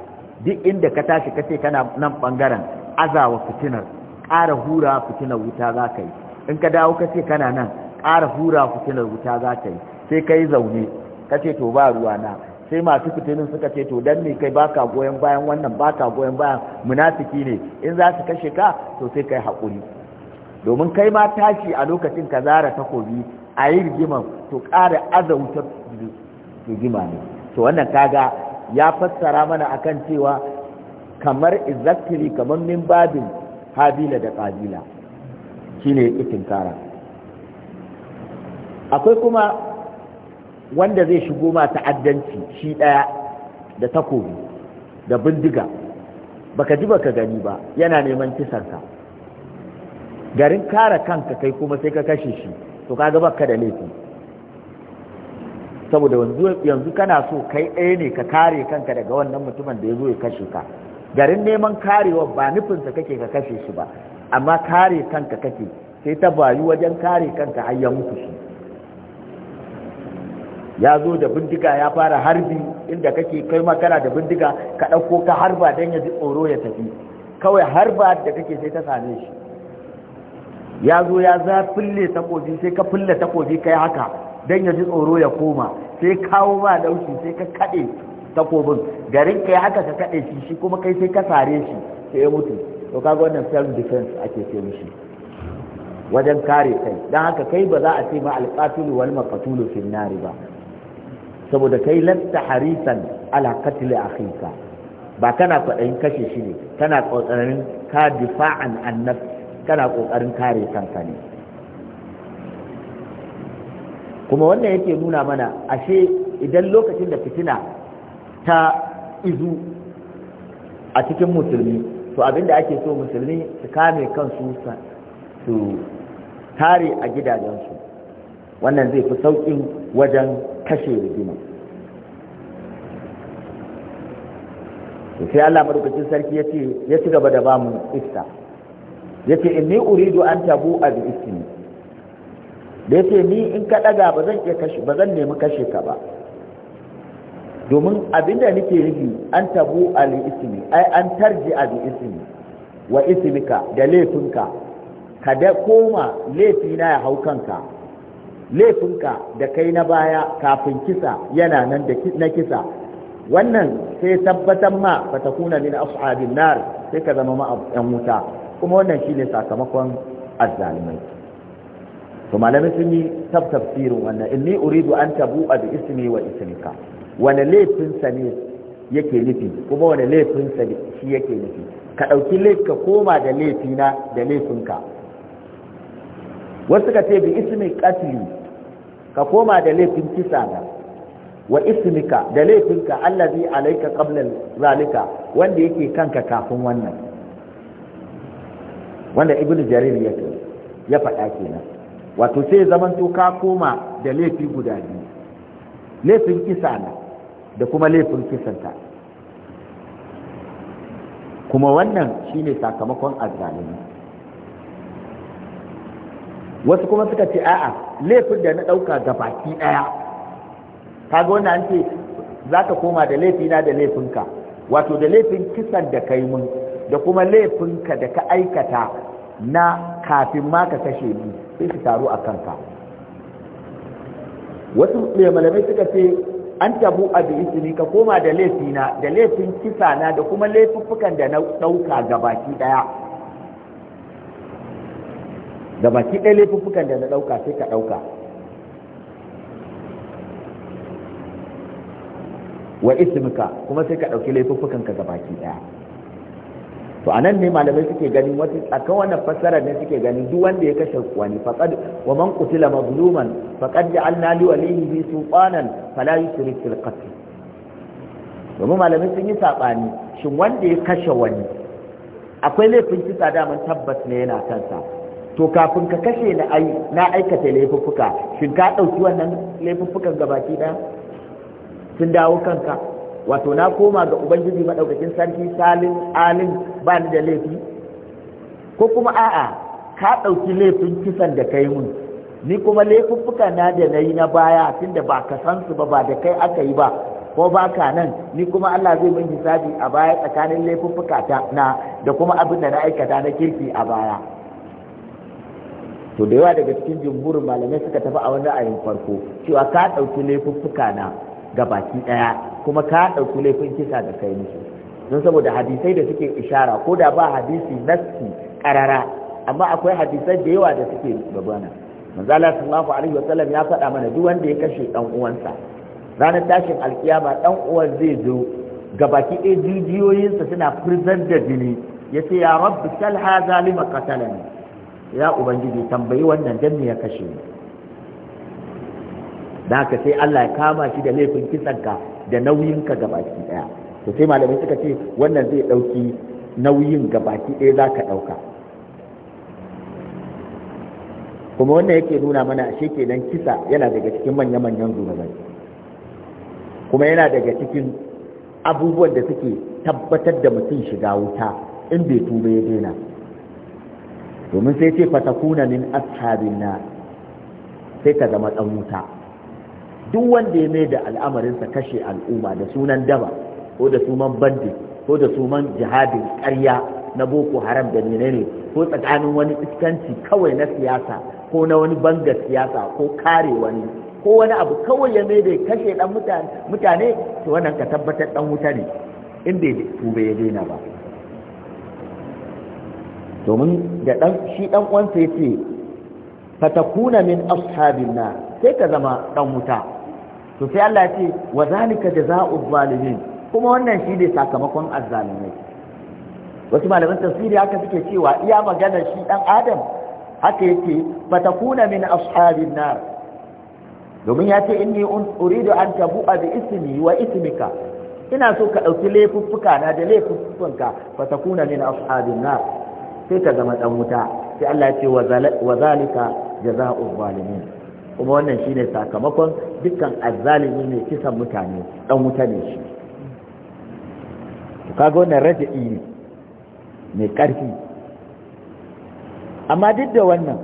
duk inda ka tashi kace kana nan bangaren azawa fitinar ƙara hura fitinar wuta za ka yi in ka dawo ka ce kana nan ƙara hura fitinar wuta za ka yi sai ka yi zaune ka ce to ba ruwa na sai masu fitinin suka ce to dan me kai baka goyon bayan wannan baka goyon bayan munafiki ne in za su kashe ka to sai ka yi haƙuri domin kai ma tashi a lokacin ka zara takobi a yi rigimar to ƙara azauta rigima ne to wannan kaga ya fassara mana akan cewa kamar exactly kamar min babin habila da kabila shine ikin tara akwai kuma wanda zai shigo ma ta'addanci shi ɗaya da takobi da bindiga baka ji baka gani ba yana neman kisanka garin kare kanka kai kuma sai ka kashe shi to kaga baka da laifi saboda yanzu kana so kai ɗaya ne ka kare kanka daga wannan mutumin da ya zo ya kashe ka garin neman karewa ba nufinsa kake ka kashe shi ba amma kare kanka kake sai ta bayu wajen kare kanka har ya mutu shi ya zo da bindiga ya fara harbi inda kake kai makara da bindiga ka ɗauko ka harba don ya ji tsoro ya tafi kawai harba da kake sai ta same shi ya zo ya za fille takobi sai ka fille takobi kai haka don ya ji tsoro ya koma sai kawo ma daushi sai ka kaɗe takobin garin kai haka ka kaɗe shi shi kuma kai sai ka sare shi sai ya mutu to kaga wannan self defense ake ce mishi wajen kare kai dan haka kai ba za a ce ma alqatilu wal maqtulu fi nar ba saboda kai lasta harisan ala qatl akhika ba kana kwaɗayin kashe shi ne kana kokarin ka difa'an annaf kana ƙoƙarin kare kanka ne kuma wannan yake nuna mana ashe idan lokacin da fitina ta izu a cikin musulmi to abinda ake so musulmi su kame kansu su tare a gidajensu wannan zai fi sauƙin wajen kashe rigima sai Allah madaukakin sarki yace ya ci gaba da ba bamu ifta yace inni uridu an tabu bi ismi da yace ni in ka daga ba zan nemi kashe ka ba domin abinda nake nufi an tabu al ismi ai an tarji al ismi wa ismika da laifinka ka da koma laifi na ya hau kanka laifinka da kai na baya kafin kisa yana nan da na kisa wannan sai tabbatar ma fatakuna min ashabin nar sai ka zama ma yan wuta kuma wannan shine sakamakon azzalimai to malamai sun yi tafsirin wannan inni uridu an tabu bi ismi wa ismika wani laifinsa ne yake nufi kuma wani laifinsa shi yake nufi ka ɗauki ka koma da laifina da laifinka wasu ka ce bi ismin katli ka koma da laifin kisa na wa ismika da laifinka allazi alaika qabla zalika wanda yake kanka kafin wannan wanda ibnu jarir ce ya faɗa kenan wato sai zaman to ka koma da laifi guda biyu laifin kisa na da kuma laifin kisanta kuma wannan shine sakamakon azalimi wasu kuma suka ce a'a laifin da na ɗauka ga baki ɗaya kaga wannan an ce za ka koma da laifina da laifinka wato da laifin kisan da kai mun da kuma laifinka da ka aikata na kafin ma ka kashe ni sai su taru a kanka wasu malamai suka ce an tabu a ne ka koma da laifina da laifin kisa na da kuma laifuffukan da na ɗauka gabaki ɗaya gabaki ɗaya laifuffukan da na ɗauka sai ka ɗauka wa ismika kuma sai ka ɗauki laifuffukan ka gabaki ɗaya to anan ne malamai suke ganin wata tsakan wannan fassara ne suke ganin duk wanda ya kashe wani faqad wa man qutila mazluman faqad ja'alna li walihi bi sultanan fala yusrif fil qatl domin malamai sun yi sabani shin wanda ya kashe wani akwai laifin kisa daman tabbas ne yana kansa to kafin ka kashe na ai na aikata laifuffuka shin ka dauki wannan laifuffukan gabaki da sun dawo kanka wato na koma ga ubangiji madaukakin sarki salin alin ba ni da laifi ko kuma a'a ka ɗauki laifin kisan da kai yi mun ni kuma laifuffuka na da na yi na baya tunda ba ka san su ba ba da kai aka yi ba ko ba ka nan ni kuma Allah zai min hisabi a baya tsakanin laifuffuka ta na da kuma abin da na aikata na kirki a baya to da yawa daga cikin jumhurin malamai suka tafi a wani ra'ayin farko cewa ka ɗauki laifuffuka na ga baki ɗaya kuma ka ɗauki laifin kisa da kai musu don saboda hadisai da suke ishara ko da ba hadisi nassi karara amma akwai hadisai da yawa da suke babana manzala sallallahu alaihi wasallam ya faɗa mana duk wanda ya kashe dan uwansa ranar tashin alkiyama dan uwan zai zo baki ɗaya jijiyoyinsa suna furzar da jini ya ce ya rabbi sal zalima qatalani ya ubangiji tambayi wannan dan me ya kashe ni da haka sai Allah ya kama shi da laifin kisan ka da nauyinka gabaki daya to sai malamai suka ce wannan zai dauki nauyin gabaki daya za ka dauka kuma wannan yake nuna mana ashe kenan kisa yana daga cikin manya-manyan zunubai kuma yana daga cikin abubuwan da suke tabbatar da mutum shiga wuta in bai tuba ya daina domin sai ce fatakuna min ashabin na sai ka zama dan wuta duk wanda ya mai da al'amarinsa kashe al'umma da sunan daba ko da sunan bandi ko da sunan jihadin ƙarya na boko haram da menene ko tsakanin wani iskanci kawai na siyasa ko na wani banga siyasa ko kare wani ko wani abu kawai ya mai da kashe dan mutane to wannan ka tabbatar dan wuta ne in bai tuba ya daina ba domin da dan shi dan uwansa yace fatakuna min ashabin sai ka zama dan wuta to sai Allah ya ce wa zalika jazaa'u zalimin kuma wannan shi ne sakamakon azzalimai wasu malaman tafsiri haka suke cewa iya magana shi dan adam haka yake fatakuna min ashabin nar domin ya ce inni uridu an tabu'a bi ismi wa ismika ina so ka dauki laifuffuka na da laifuffukanka fatakuna min ashabin nar sai ka zama dan wuta sai Allah ya ce wa zalika jazaa'u zalimin kuma wannan shine sakamakon dukkan azzalimi ne kisan mutane dan wuta ne shi kaga wannan rage ne mai ƙarfi amma duk da wannan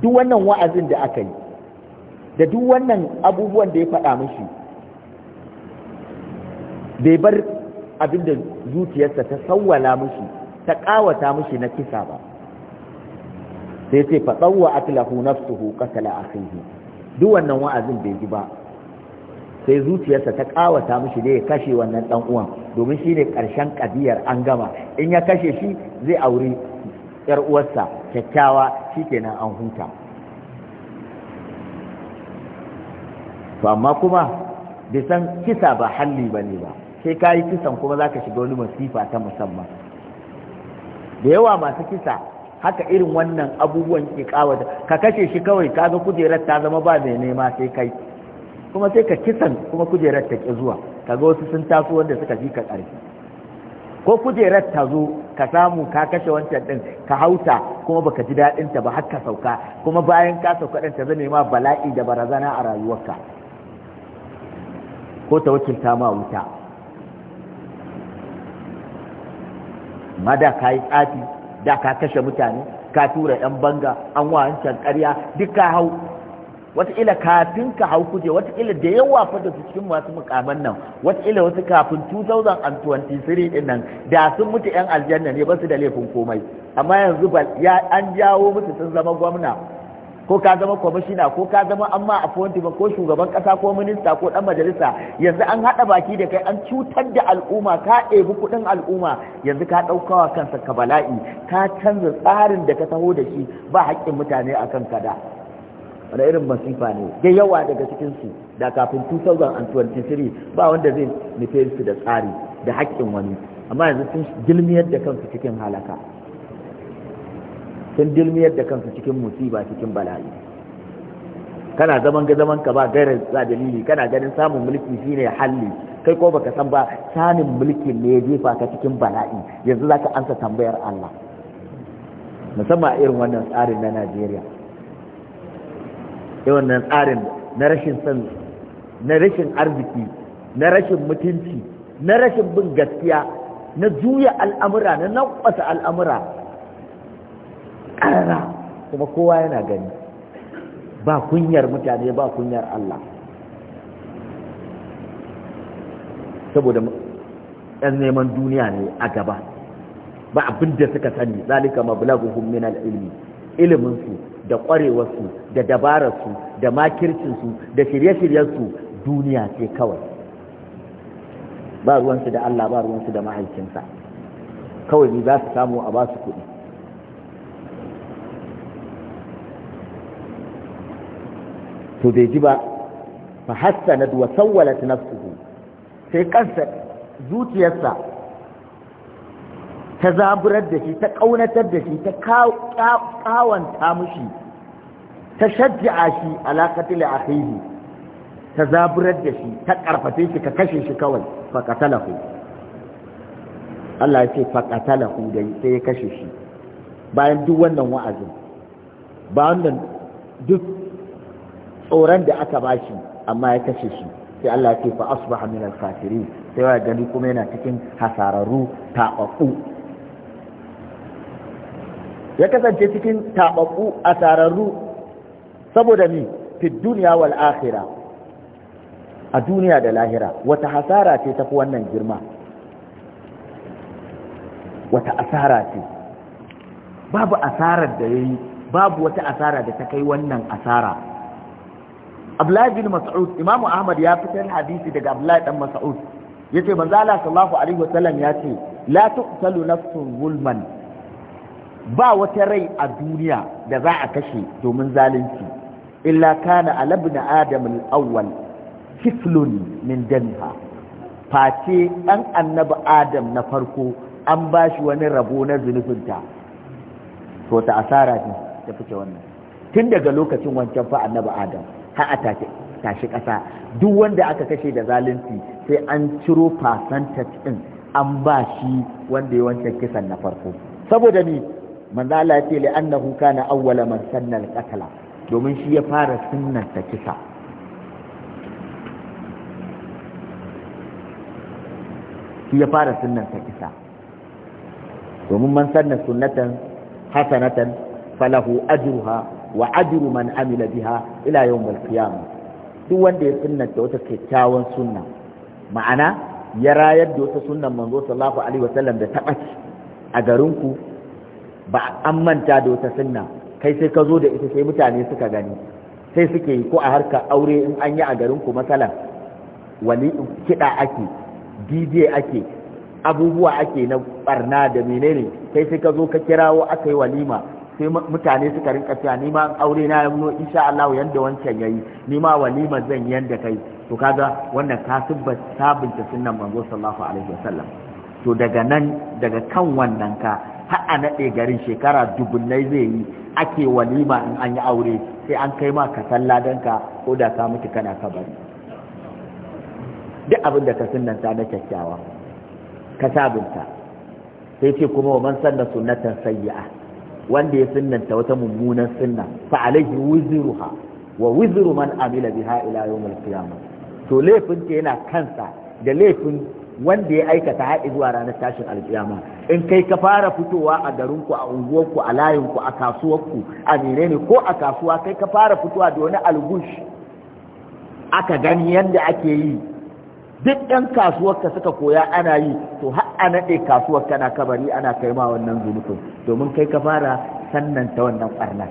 duk wannan wa'azin da aka yi da duk wannan abubuwan da ya faɗa mishi bai bar abinda zuciyarsa ta sawwala mishi ta ƙawata mishi na kisa ba sai ce fa dawwa atlahu nafsuhu qatala akhihi duk wannan wa'azin bai ji ba sai zuciyarsa ta ƙawata mishi da ya kashe wannan dan uwan domin shi ne karshen ƙabiyar an gama in ya kashe shi zai auri yar uwarsa kyakkyawa shikenan an huta to amma kuma bai san kisa ba halli ne ba sai kayi kisan kuma zaka shiga wani masifa ta musamman da yawa masu kisa haka irin wannan abubuwan ke kawata ka kashe shi kawai ka ga kujerar ta zama ba mai nema sai kai kuma sai ka kisan kuma kujerar ta ki zuwa kaga wasu sun taso wanda suka fi ka ƙarfi ko kujerar ta zo ka samu ka kashe wancan din ka hauta kuma baka ji daɗin ta ba har ka sauka kuma bayan ka sauka din ta zama ma bala'i da barazana a rayuwarka ko ta wakilta ma wuta mada ka yi tsafi da ka kashe mutane ka tura yan banga an wancan ƙarya duk ka hau wataƙila kafin ka hau kuje wataƙila da yawa fa da cikin masu mukaman nan wataƙila wasu kafin 2023 din nan da sun mutu yan aljanna ne ba su da laifin komai amma yanzu ya an jawo musu sun zama gwamna ko ka zama kwamishina ko ka zama an ma ba ko shugaban kasa ko minista ko dan majalisa yanzu an haɗa baki da kai an cutar da al'umma ka ɗebi kuɗin al'umma yanzu ka ɗaukawa kansa ka bala'i ka canza tsarin da ka taho da shi ba haƙƙin mutane a kan kada wani irin masifa ne da yawa daga cikinsu da kafin 2023 ba wanda zai nufe su da tsari da haƙƙin wani amma yanzu sun gilmiyar da kansu cikin halaka sun dilmiyar da kansu cikin musiba cikin bala'i kana zaman ga zaman ka ba gairar za dalili kana ganin samun mulki shine halli kai ko baka san ba sanin mulki ne ya jefa ka cikin bala'i yanzu za ka ansa tambayar Allah musamman a irin wannan tsarin na Najeriya irin wannan tsarin na rashin san na rashin arziki na rashin mutunci na rashin bin gaskiya na juya al'amura na nakwasa al'amura ƙarara kuma kowa yana gani ba kunyar mutane ba kunyar Allah saboda ɗan neman duniya ne a gaba ba abin da suka sani zalika mablaguhum min al-ilmi ilimin su da ƙwarewar su da dabarar su da makircin su da shirye-shiryen su duniya ce kawai ba ruwansu da Allah ba su da mahaifinsa kawai ne za su samu a basu kuɗi to bai ji ba fa hassanat wa sawwalat nafsuhu sai kansa zuciyarsa ta zaburar da shi ta kaunatar da shi ta kawanta mushi ta shajja'a shi alaƙatil akhihi ta zaburar da shi ta karfafe shi ka kashe shi kawai fa qatalahu Allah ya ce fa qatalahu dai sai ya kashe shi bayan duk wannan wa'azin ba wannan duk tsoron da aka bashi amma ya kashe shi sai Allah ya ce fa asbaha min al-kafirin sai ya gani kuma yana cikin hasararru taɓaɓɓu ya kasance cikin taɓaɓɓu asararru saboda ni fi dunya wal akhira a duniya da lahira wata hasara ce ta fi wannan girma wata asara ce babu asarar da ya yi babu wata asara da ta kai wannan asara Abdullahi bin Mas'ud Imam Ahmad ya fitar hadisi daga Abdullahi dan Mas'ud yace manzo Allah sallallahu alaihi wasallam ya ce la tuqtalu nafsun zulman ba wata rai a duniya da za a kashe domin zalunci illa kana alabna adam al-awwal kiflun min danha face dan annabi adam na farko an bashi wani rabo na zunufinta to ta asara ne ta fice wannan tun daga lokacin wancan fa annabi adam har a tashi ƙasa duk wanda aka kashe da zalunci sai an ciro percentage ɗin an ba shi wanda ya wancan kisan na farko saboda ni manzo Allah ya ce li annahu kana awwala man sanna al-qatla domin shi ya fara ta kisa shi ya fara ta kisa domin man sanna sunnatan hasanatan falahu ajruha wa ajru man amila biha ila yawmil qiyam duk wanda ya sunnata wata kyakkyawan sunna ma'ana ya rayar da wata sunnan manzo sallallahu alaihi wasallam da ta a garin ku ba an manta da wata sunna kai sai ka zo da ita sai mutane suka gani sai suke yi ko a harka aure in an yi a ku masalan wani kiɗa ake dj ake abubuwa ake na barna da menene kai sai ka zo ka kirawo aka yi walima sai mutane suka rinka cewa ni ma aure na ya muno insha Allah yanda wancan yayi ni ma walima zan yanda kai to kaga wannan ka sabunta sunnan manzo sallallahu alaihi wasallam to daga nan daga kan wannan ka har a nade garin shekara dubunnai zai yi ake walima in an yi aure sai an kai ma ka salla dan ka ko da ka miki kana kabari duk abin da ka sunnan ta na kyakkyawa ka sabunta sai ce kuma wa man sanna sunnatan sayyi'a wanda ya sunnanta wata mummunan sunna fa alaihi wizruha wa wizru man amila biha ila yawmil qiyamah to laifin ta yana kansa da laifin wanda ya aikata haɗi zuwa ranar tashin alkiyama in kai ka fara fitowa a garinku a unguwarku a layinku a kasuwarku a ne? ko a kasuwa kai ka fara fitowa da wani algush aka gani yadda ake yi duk ɗan kasuwarka suka koya ana yi to har a naɗe kasuwar kana kabari ana kai ma wannan zunufin domin kai ka fara sannan ta wannan ɓarnar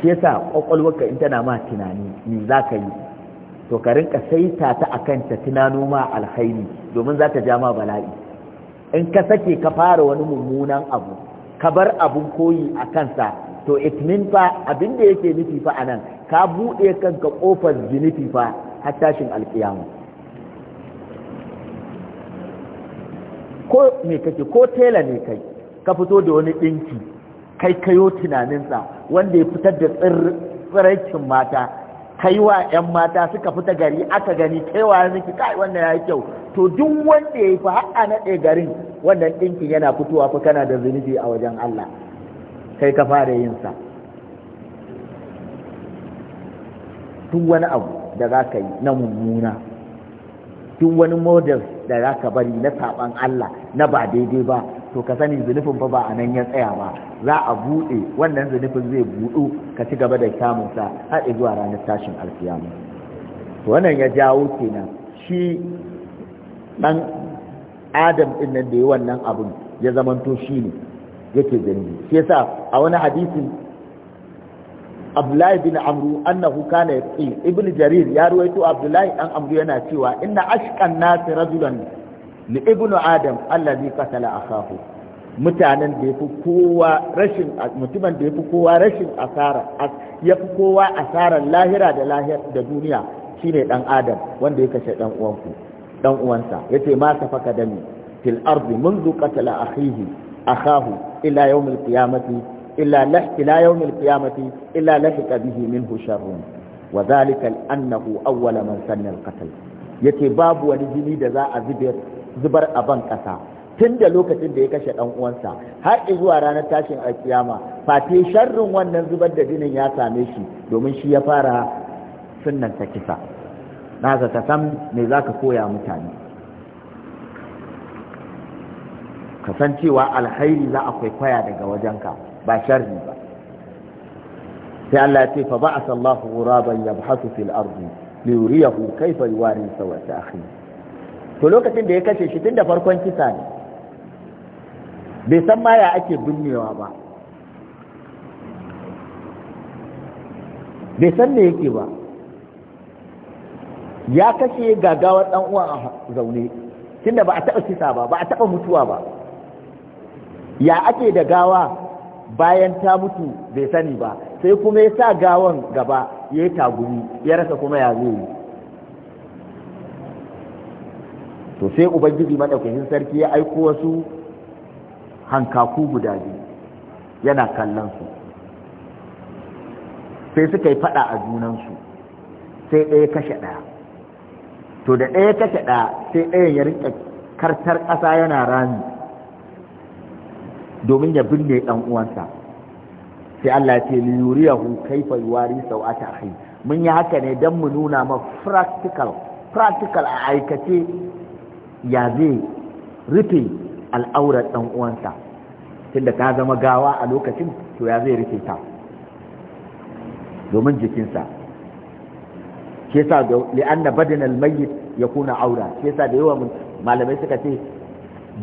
shi yasa ƙwaƙwalwarka in tana ma tunani ni za ka yi to ka rinka saita ta a kanta tunano ma alhaini domin za ta ja ma bala'i in ka sake ka fara wani mummunan abu ka bar abun koyi a kansa to it fa abin da yake nufi fa nan. ka buɗe kanka ƙofar zunubi fa har tashin alƙiyama ko me kake ko tela ne kai ka fito da wani ɗinki kai kayo tunaninsa wanda ya fitar da tsiraicin mata kai wa 'yan mata suka fita gari aka gani wa miki kai wannan ya kyau to duk wanda ya fi na naɗe garin wannan ɗinkin yana fitowa fa kana da zunubi a wajen Allah kai ka fara yin sa Tun wani abu da za ka yi na mummuna duk wani model da za ka bari na saban Allah na ba daidai ba to ka sani zunufin fa ba a nan ya tsaya ba za a buɗe wannan zunufin zai buɗu ka ci gaba da samunsa har zuwa ranar tashin alkiyama to wannan ya jawo kenan shi ɗan adam din nan da yi wannan abin ya zamanto shi ne yake gani shi yasa a wani hadisin abdullahi bin amru annahu kana yaqi ibn jarir ya ruwaito abdullahi dan amru yana cewa inna ashqan nas rajulan li ibnu adam allazi qatala akahu mutanen da yafi kowa rashin mutumin da yafi kowa rashin asara yafi kowa asaran lahira da da duniya shine dan adam wanda ya kashe dan uwanku dan uwansa yace ma safaka dami fil ardi منذ قتل اخيه ila الى يوم القيامه illa lahti la yawmil qiyamati illa lahiqa bihi minhu annahu awwala man sanna al babu wani jini da za a zubar a ban ƙasa tun da lokacin da ya kashe ɗan uwansa har zuwa ranar tashin alkiyama fate sharrin wannan zubar da jinin ya same shi domin shi ya fara sunnanta kisa na ka san me zaka koya mutane kasancewa alkhairi za a kwaikwaya daga wajenka ba sharri ba sai Allah ya ce fa ba'atha Allahu ghuraban yabhasu fil ardi li yuriyahu kayfa yuwari sawata akhi to lokacin da ya kashe shi tunda farkon kisa ne bai san ma ya ake binnewa ba bai san me yake ba ya kashe gagawar dan uwan a zaune tunda ba a taɓa kisa ba ba a taɓa mutuwa ba ya ake da gawa bayan ta mutu bai sani ba sai kuma ya sa gawan gaba ya yi tagumi ya rasa kuma ya zo yi to sai ubangiji maɗaukakin sarki ya aiko wasu hankaku guda biyu yana kallon su sai suka yi faɗa a junansu sai ɗaya kashe ɗaya to da ɗaya kashe ɗaya sai ɗayan ya rinƙa kartar ƙasa yana rami domin ya binne ɗan uwansa sai Allah ya ce li yuriyahu kaifa yuwari sawata akhi mun yi haka ne dan mu nuna ma practical practical a aikace ya zai rufe al'aurar ɗan'uwansa, uwansa tunda ta zama gawa a lokacin to ya zai rufe ta domin jikinsa sa yasa da li'anna badana al-mayyit yakuna aura ke sa da yawa malamai suka ce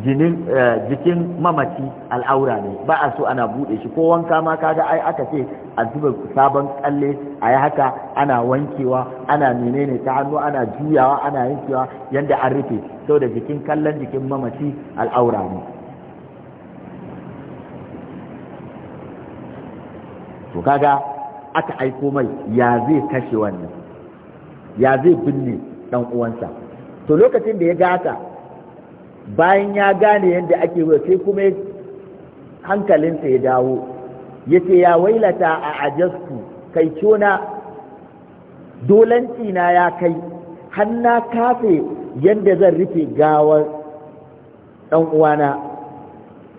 Jinin eh, jikin mamaci al'aura ne ba a so ana bude shi ko wanka ma kaga ai aka ce a zuba sabon kalle a yi haka ana wankewa ana menene ta hannu ana juyawa ana yankewa yadda an rufe da jikin kallon jikin mamaci al'aura ne to kaga aka aiko mai ya zai kashe wannan ya zai binne dan uwansa to lokacin da ya ga haka bayan ya gane yadda ake wa sai kuma hankalinsa ya dawo ya ce ya wailata a ajastu kai cona dolanci na ya kai har na kafe yadda zan rufe gawar ɗan uwana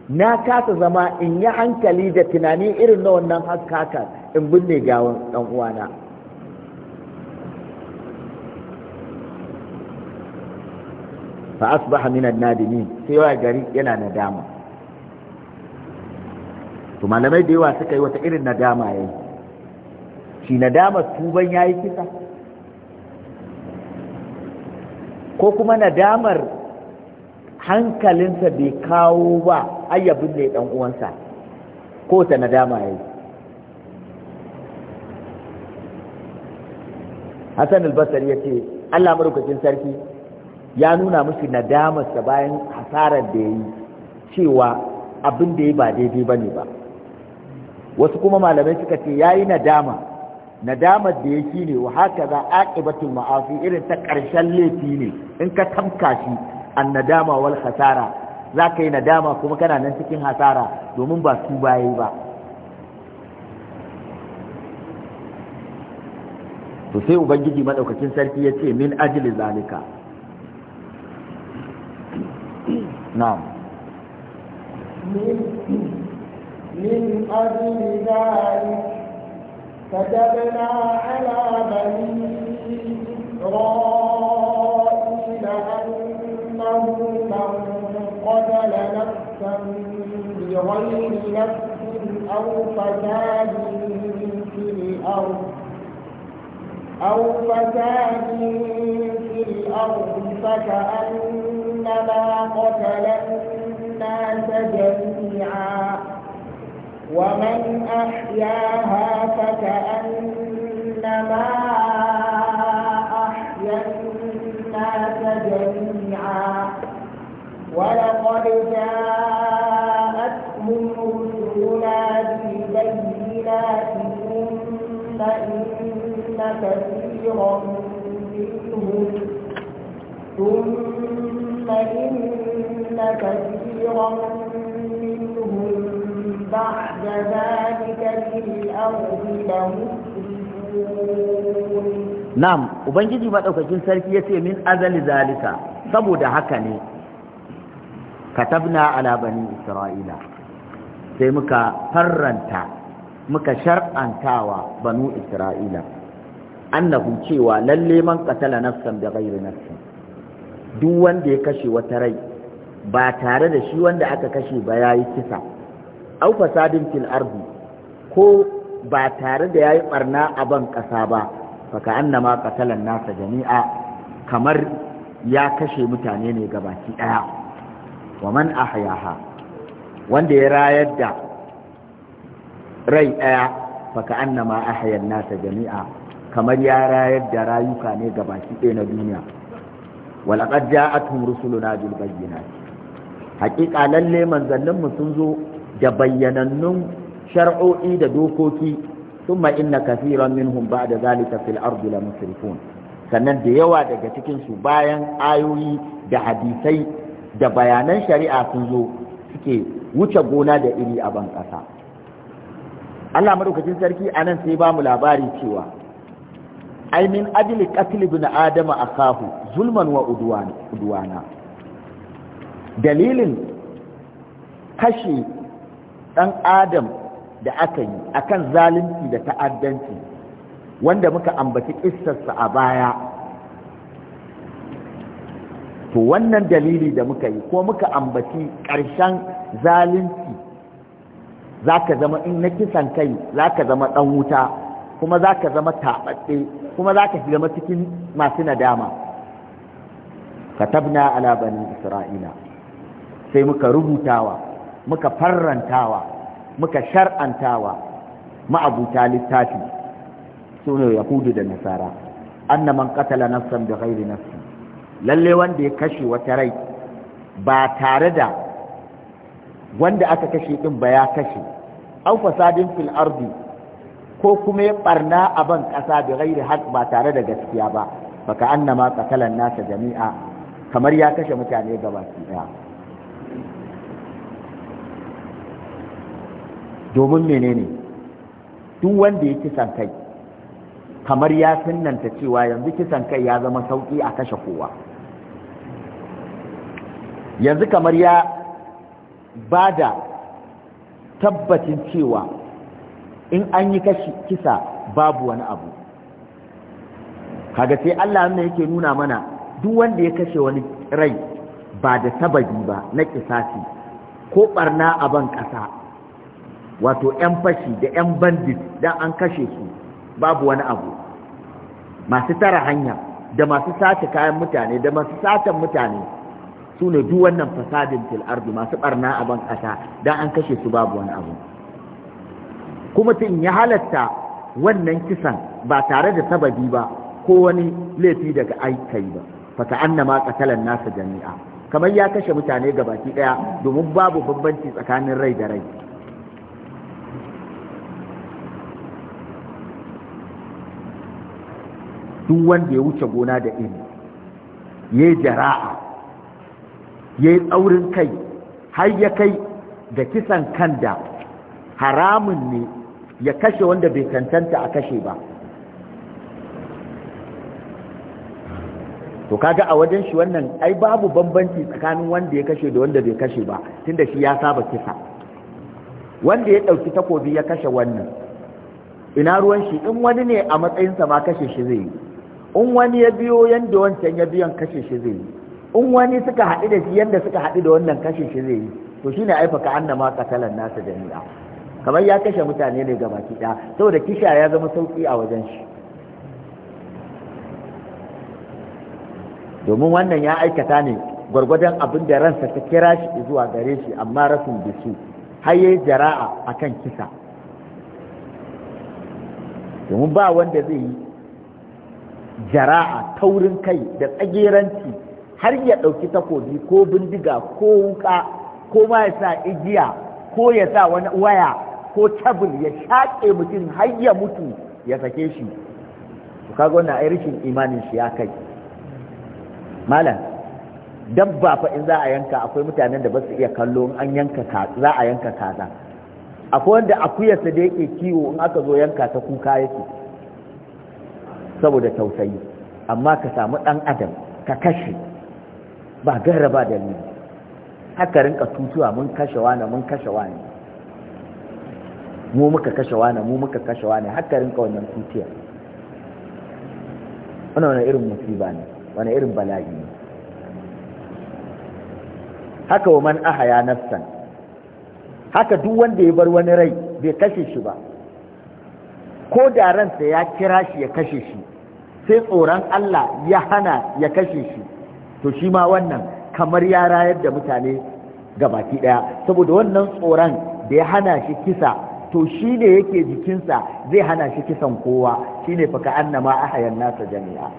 na kasa zama in yi hankali da tunani irin na wannan haskaka in binne gawar ɗan uwana fa asbaha minan nadimin sai yawa gari yana nadama to malamai da yawa suka yi wata irin nadama yayi shi nadama tuban yayi kisa ko kuma nadamar hankalinsa bai kawo ba ayyabin ne dan uwansa ko ta nadama yayi Hassan al-Basri yace Allah madaukakin sarki ya nuna musu nadamarsa bayan hasarar da ya yi cewa abin da ya ba daidai ba ne ba wasu kuma malamai suka ce ya yi nadama nadamar da ya shi ne wa haka za aqibatul ma'afi irin ta karshen laifi ne in ka tamka shi an nadama wal hasara za ka yi nadama kuma kana nan cikin hasara domin ba su baye ba to sai ubangiji madaukakin sarki ya ce min ajli zalika نعم من قبل أجل ذلك كتبنا على بني إسرائيل أنه من قتل نفسا بغير نفس أو فساد في الأرض أو فساد في الأرض فكأن إنما قتل الناس جميعا ومن أحياها فكأنما أحيا الناس جميعا ولقد جاءتهم رسلنا بالبينات ثم إن كثيرا منهم ثم إن كثيرا منهم بعد ذلك في الأرض لمسرفون Na'am, Ubangiji maɗaukakin sarki ya ce min azali zalika, saboda haka ne, katabna ala bani Isra'ila, sai muka farranta, muka shar'antawa banu Isra'ila, annahu cewa lalle man katala nafsan da gairi nafsan, duk wanda ya kashe wata rai ba tare da shi wanda aka kashe ba ya yi kisa au fasadin fil ardi ko ba tare da ya yi barna a ban ƙasa ba faka annama qatalan nasa jami'a kamar ya kashe mutane ne gabaki daya wa man ahyaha wanda ya rayar da rai ɗaya, faka annama ahyan nasa jami'a kamar ya rayar da rayuka ne gabaki daya na duniya walaqad ja'atuhum rusuluna bil bayyinat haqiqa lalle manzannin mu sun zo da bayyanannun shar'o'i da dokoki thumma inna kathiran minhum ba'da zalika fil ardi la musrifun sannan da yawa daga cikin su bayan ayoyi da hadisai da bayanan shari'a sun zo suke wuce gona da iri a ban ƙasa Allah madaukakin sarki anan sai ba mu labari cewa ai min ajli qatl ibn adama akahu zulman wa udwana dalilin kashe dan adam da aka yi akan zalunci da ta'addanci wanda muka ambaci kissarsa a baya to wannan dalili da muka yi ko muka ambaci ƙarshen zalunci za zama in na kisan kai za ka zama ɗan wuta kuma za ka zama taɓaɓɓe kuma za ka zama cikin masu nadama katabna ala bani isra'ila sai muka rubutawa muka farrantawa muka shar'antawa ma'abuta littafi su ne yahudu da nasara anna man qatala nafsan bi ghairi nafsi lalle wanda ya kashe wata rai ba tare da wanda aka kashe din ba ya kashe au fasadin fil ardi ko kuma ya barna a ban ƙasa da gairi haƙ ba tare da gaskiya ba baka annama tsakalan nasa jami'a kamar ya kashe mutane gabaki daya domin menene duk wanda ya kisan kai kamar ya sunnanta cewa yanzu kisan kai ya zama sauƙi a kashe kowa yanzu kamar ya ba da tabbacin cewa in an yi kashi kisa babu wani abu kaga sai Allah ne yake nuna mana duk wanda ya kashe wani rai ba da sababi ba na kisasi ko barna a ban ƙasa wato 'yan fashi da 'yan bandit dan an kashe su babu wani abu masu tara hanya da masu sace kayan mutane da masu satan mutane su ne duk wannan fasadin fil ardi masu barna a ban ƙasa dan an kashe su babu wani abu kuma tun ya halatta wannan kisan ba tare da sababi ba ko wani laifi daga aikai ba fata annama katalan nasa jami'a kamar ya kashe mutane ga baki daya domin babu bambanci tsakanin rai da rai duk wanda ya wuce gona da iri ya yi jara'a ya yi tsaurin kai har ya kai da kisan kan da haramun ne ya kashe wanda bai cancanta a kashe ba to kaga a wajen shi wannan ai babu bambanci tsakanin wanda ya kashe da wanda bai kashe ba tunda shi ya saba kisa wanda ya ɗauki takobi ya kashe wannan ina ruwan shi in wani ne a matsayinsa ma kashe shi zai yi in wani ya biyo yanda wancan ya biyan kashe shi zai yi in wani suka haɗu da shi yanda suka haɗu da wannan kashe shi zai yi to shine aifaka annama qatalan nasa jami'a kamar ya kashe mutane ne gabaki ɗaya saboda kisha ya zama sauƙi a wajen shi domin wannan ya aikata ne gwargwadon abin da ransa ta kira shi zuwa gare shi amma rasin bisu har yayi jara'a kan kisa domin ba wanda zai yi jara'a taurin kai da tsageranci har ya ɗauki takobi ko bindiga ko wuka ko ma ya sa igiya ko ya sa wani waya ko tabul ya shaƙe mutum har ya mutu ya sake shi to kaga wannan rashin imanin shi ya kai malam dabba fa in za a yanka akwai mutanen da ba su iya kallo in an yanka za a yanka kaza akwai wanda akuyarsa da yake kiwo in aka zo yanka ta kuka yake saboda tausayi amma ka samu ɗan adam ka kashe ba gara ba dalili haka rinka tutuwa mun kashe wani mun kashe wani mu muka kashe wani mu muka kashe wani haka rinka wannan tutiya wani wani irin musiba ne wani irin bala'i ne haka wa man ya nafsan haka duk wanda ya bar wani rai bai kashe shi ba ko da ransa ya kira shi ya kashe shi sai tsoron Allah ya hana ya kashe shi to shi ma wannan kamar ya rayar da mutane gabaki baki daya saboda wannan tsoron da ya hana shi kisa to shi ne yake jikinsa zai hana shi kisan kowa shi ne faka annama ahayan nasa jami'a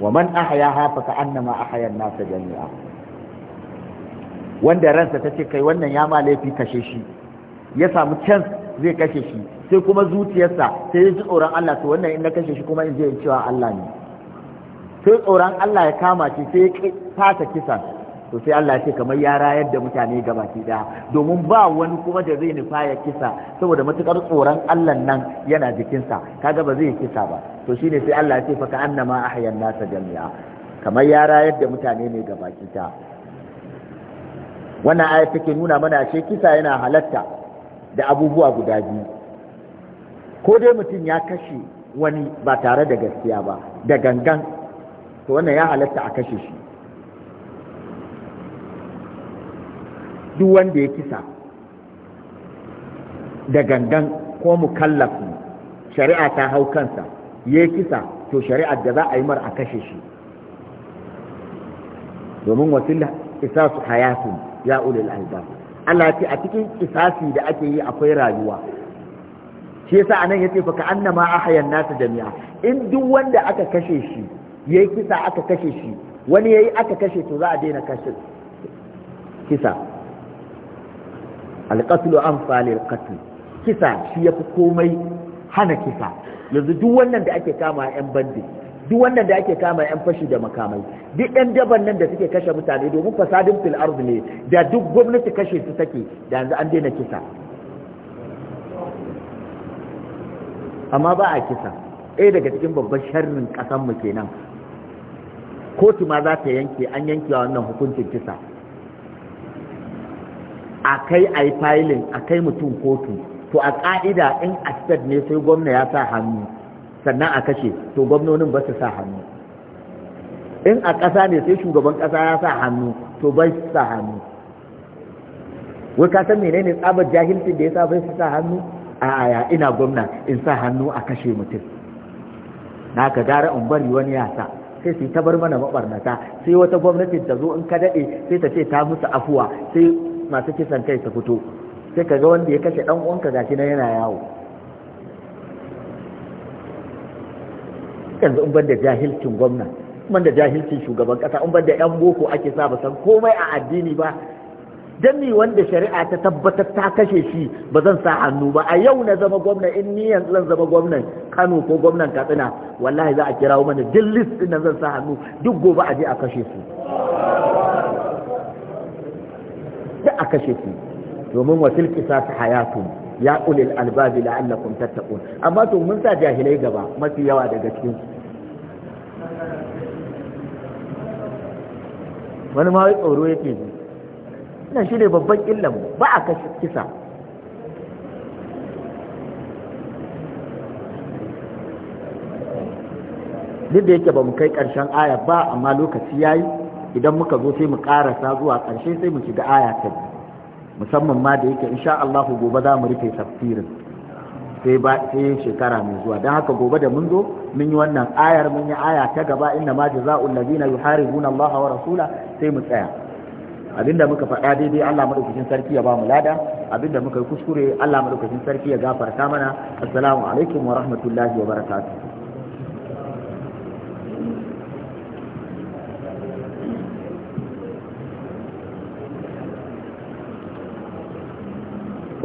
wa man ahaya ha faka annama ahayan nasa jami'a wanda ransa ta ce kai wannan ya ma laifi kashe shi ya samu chance zai kashe shi sai kuma zuciyarsa sai ya ji tsoron Allah to wannan in na kashe shi kuma in zai cewa Allah ne sai tsoron Allah ya kama shi sai ya fata kisan to sai Allah ce kamar ya rayar da mutane gabaki daya domin ba wani kuma da zai nufa ya kisa saboda matukar tsoron Allah nan yana jikinsa kaga ba zai kisa ba to shine sai Allah ce fa ka annama ahyan nasa jami'a kamar ya rayar da mutane ne gabaki daya wannan ayat take nuna mana ce kisa yana halatta da abubuwa guda biyu ko dai mutum ya kashe wani ba tare da gaskiya ba da gangan to wannan ya halatta a kashe shi duk wanda ya kisa da gangan ko kallafi shari'a ta hau kansa ya kisa to shari'ar da za a yi mar a kashe shi domin isa isasu hayatu ya ulil albab Allah ce a cikin isasi da ake yi akwai rayuwa shi yasa anan yace fa annama ahyan nasu jami'a in duk wanda aka kashe shi yayi kisa aka kashe shi wani yayi aka kashe to za a daina kashe kisa alƙatulu an falil kisa shi ya fi komai hana kisa yanzu duk wannan da ake kama yan bandi duk wannan da ake kama yan fashi da makamai duk yan daban nan da suke kashe mutane domin fasadin fil ardi ne da duk gwamnati kashe su take da yanzu an daina kisa amma ba a kisa ɗaya daga cikin babban sharrin ƙasanmu kenan kotu ma za ta yanke an yanke wa wannan hukuncin kisa a kai a yi filin a kai mutum kotu to a ƙa'ida in a asset ne sai gwamna ya sa hannu sannan a kashe to gwamnonin ba su sa hannu in a ƙasa ne sai shugaban ƙasa ya sa hannu to ba su sa hannu wai ka san menene tsabar jahilcin da ya sa bai su sa hannu a aya ina gwamna in sa hannu a kashe mutum na ka gara in bari wani ya sa sai su ta bar mana mabarnata sai wata gwamnatin ta zo in ka daɗe sai ta ce ta musu afuwa sai masu kisan kai su fito sai ka ga wanda ya kashe dan uwanka gashi nan yana yawo yanzu in banda jahilcin gwamna in da jahilcin shugaban kasa in banda yan boko ake sa ba san komai a addini ba ni wanda shari'a ta tabbatar ta kashe shi ba zan sa hannu ba a yau na zama gwamna in ni yanzu zan zama gwamnan Kano ko gwamnan Katsina wallahi za a kirawo mana dillis list din nan zan sa hannu duk gobe a je a kashe su duk a kashe ku domin watil qisas hayatu ya ulil albabi la'allakum tattaqun amma to mun sa jahilai gaba mafi yawa daga cikin wani ma tsoro yake ji ina shi ne babban illan mu ba a kashe kisa duk da yake ba mu kai karshen aya ba amma lokaci yayi idan muka zo sai mu karasa zuwa ƙarshe sai mu shiga aya ta musamman ma da yake insha allahu gobe za mu rufe tafsirin sai ba sai shekara mai zuwa don haka gobe da mun zo mun yi wannan ayar mun yi aya ta gaba inna ma jazaa'ul ladina yuharibuna Allah wa rasula sai mu tsaya abinda muka faɗa daidai Allah madaukakin sarki ya ba mu lada abinda muka yi kuskure Allah madaukakin sarki ya gafarta mana assalamu alaikum wa rahmatullahi wa barakatuh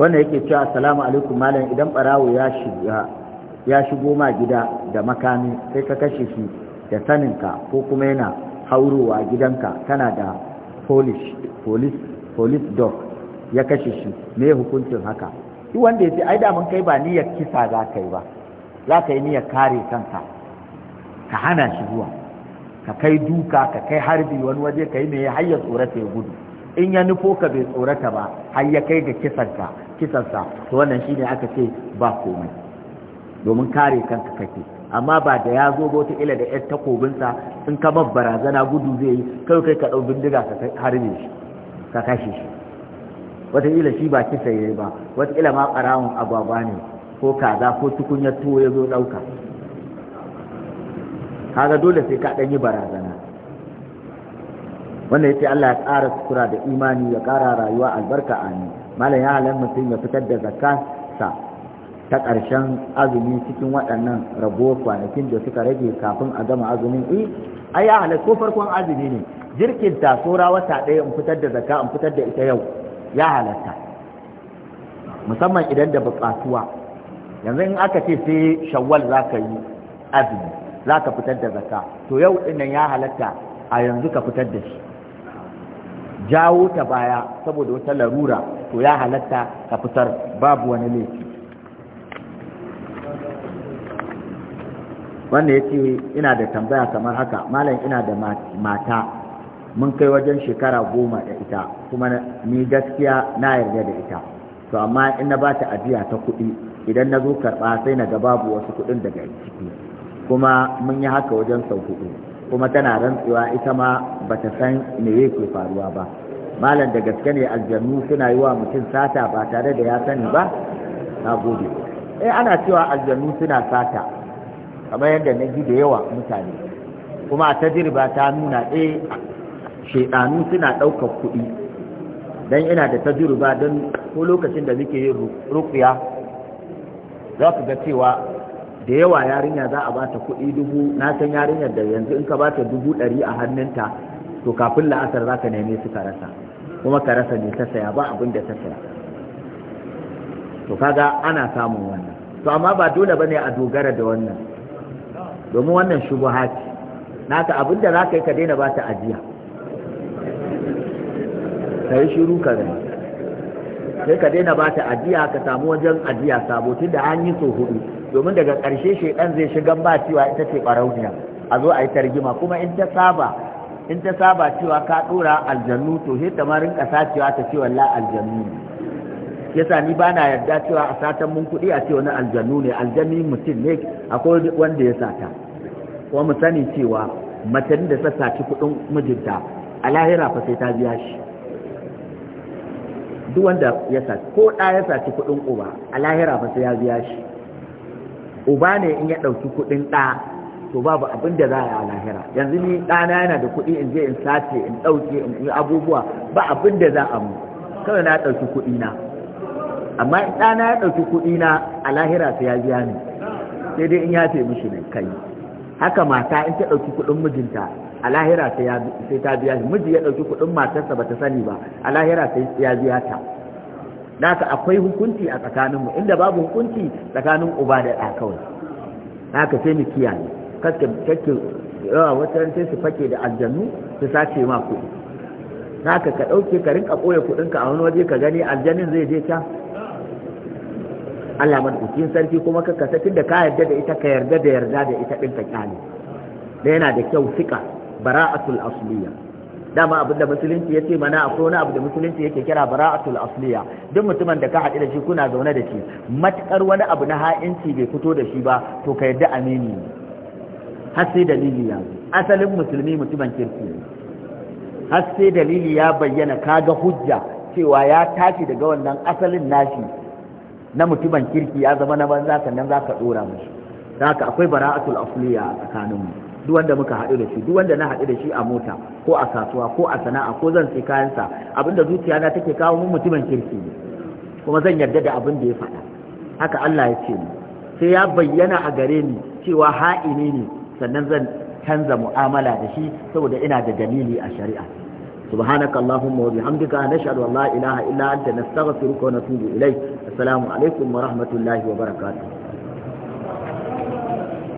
wanda yake cewa assalamu alaikum malam idan barawo ya shiga ya shigo ma gida da makami sai ka kashe shi da saninka ko kuma yana haurowa gidanka kana da polish police police dog ya kashe shi me hukuncin haka shi wanda ya ce ai mun kai ba niyyar kisa za ka yi ba za ka yi niyyar kare kanka ka hana shi zuwa ka kai duka ka kai harbi wani waje ka yi mai hayya tsorata ya gudu in ya nufo ka bai tsorata ba har ya kai ga kisanka kisarsa to wannan shine aka ce ba komai domin kare kanka kake amma ba da ya zo wata ila da yan takobinsa in ka bar barazana gudu zai yi kai kai ka dau bindiga ka harbe shi ka kashe shi ila shi ba kisa yayi ba ila ma qarawun agwagwa ne ko kaza ko tukunyar tuwo ya zo ɗauka kaga dole sai ka ɗan yi barazana wannan yace Allah ya tsara sukura da imani ya ƙara rayuwa albarka amin malam ya halar mutum ya fitar da zakarsa ta ƙarshen azumi cikin waɗannan rabo kwanakin da suka rage kafin a gama azumin i eh, ai ya halar ko farkon azumi ne jirkin tasora wata ɗaya in fitar da zaka in fitar da ita yau ya halatta musamman idan da buƙatuwa yanzu in aka ce sai shawwal za ka yi azumi za ka fitar da zaka, to yau nan ya halarta, a yanzu ka fitar da shi jawo ta baya saboda wata larura to ya halatta ka fitar babu wani laifi wanda ya ce ina da tambaya kamar haka malam ina da mata mun kai wajen shekara goma da ita kuma ni gaskiya na yarda da ita to amma in na ba ta ajiya ta kuɗi idan na zo karɓa sai na ga babu wasu kuɗin daga ciki kuma mun yi haka wajen sau kuɗi kuma tana rantsuwa ita ma ba ta san me yake faruwa ba malam da gaske ne aljannu suna yi wa mutum sata ba tare da ya sani ba na gode eh ana cewa aljannu suna sata kamar yadda na ji da yawa mutane kuma a tajirba ta nuna eh shaidanu suna ɗaukar kuɗi don ina da tajirba don ko lokacin da muke yin rukuya za ku ga cewa da yawa yarinya za a ba ta kuɗi dubu na san yarinyar da yanzu in ka ba ta dubu ɗari a hannunta to kafin la'asar za ka neme su rasa kuma ka rasa me ta saya ba abin da ta saya to kaga ana samun wannan to amma ba dole bane a dogara da wannan domin wannan shubuha ce naka abin da za ka yi ka daina ba ta ajiya ka yi shiru ka gani sai ka daina ba ta ajiya ka samu wajen ajiya sabo tunda an yi so hudu domin daga ƙarshe shaidan zai shigan ba cewa ita ce ɓarauniya a zo a yi targima kuma in ta saba in ta saba cewa ka dora aljannu to sai ta marin ƙasa cewa ta ce wallahi aljannu yasa ni ba na yarda cewa a satan mun kuɗi a ce wani aljannu ne aljanni mutum ne akwai wanda ya sata kuma mu sani cewa mace da ta saci kuɗin mijinta a lahira fa sai ta biya shi duk wanda ya saci ko ɗa ya saci kuɗin uba a lahira fa sai ya biya shi uba ne in ya ɗauki kuɗin ɗa to babu abin da za a yi a lahira yanzu ni ɗana yana da kuɗi in je in sace in ɗauke in yi abubuwa ba abin da za a mu kawai na ɗauki kuɗi na amma in ɗana ya ɗauki kuɗi na a lahira sai ya biya ni sai dai in ya ce mishi ne kai haka mata in ta ɗauki kuɗin mijinta a lahira sai ta biya shi miji ya ɗauki kuɗin matarsa ba ta sani ba a lahira sai ya biya ta naka akwai hukunci a tsakaninmu inda babu hukunci tsakanin uba da ɗa kawai naka sai mu kiyaye kake yawa wata sai su fake da aljannu su sace ma kuɗi ka ɗauke ka rinka ɓoye kuɗinka a wani waje ka gani aljanin zai je ta Allah madaukakin sarki kuma ka kasa da ka yarda da ita ka yarda da yarda da ita ɗin ka kyale da yana da kyau fiƙa bara'atul asliya dama abin da musulunci yace mana akwai wani abu da musulunci yake kira bara'atul asliya duk mutumin da ka haɗu da shi kuna zaune da shi Matuƙar wani abu na ha'inci bai fito da shi ba to ka yarda amini ne har sai dalili ya zo asalin musulmi mutumin kirki ne har sai dalili ya bayyana kaga hujja cewa ya tashi daga wannan asalin nashi na mutumin kirki ya zama na banza sannan za ka dora mashi da haka akwai bara'atul asliya a tsakaninmu duk wanda muka haɗu da shi duk wanda na haɗu da shi a mota ko a kasuwa ko a sana'a ko zan sai kayansa abinda zuciya na take kawo mun mutumin kirki ne kuma zan yarda da abin da ya faɗa haka Allah ya ce ni sai ya bayyana a gare ni cewa ha'ini ne sannan zan canza mu'amala da shi saboda ina da dalili a shari'a subhanaka allahumma wa bihamdika nashhadu an la ilaha illa anta nastaghfiruka wa natubu ilayk assalamu alaikum wa rahmatullahi wa barakatuh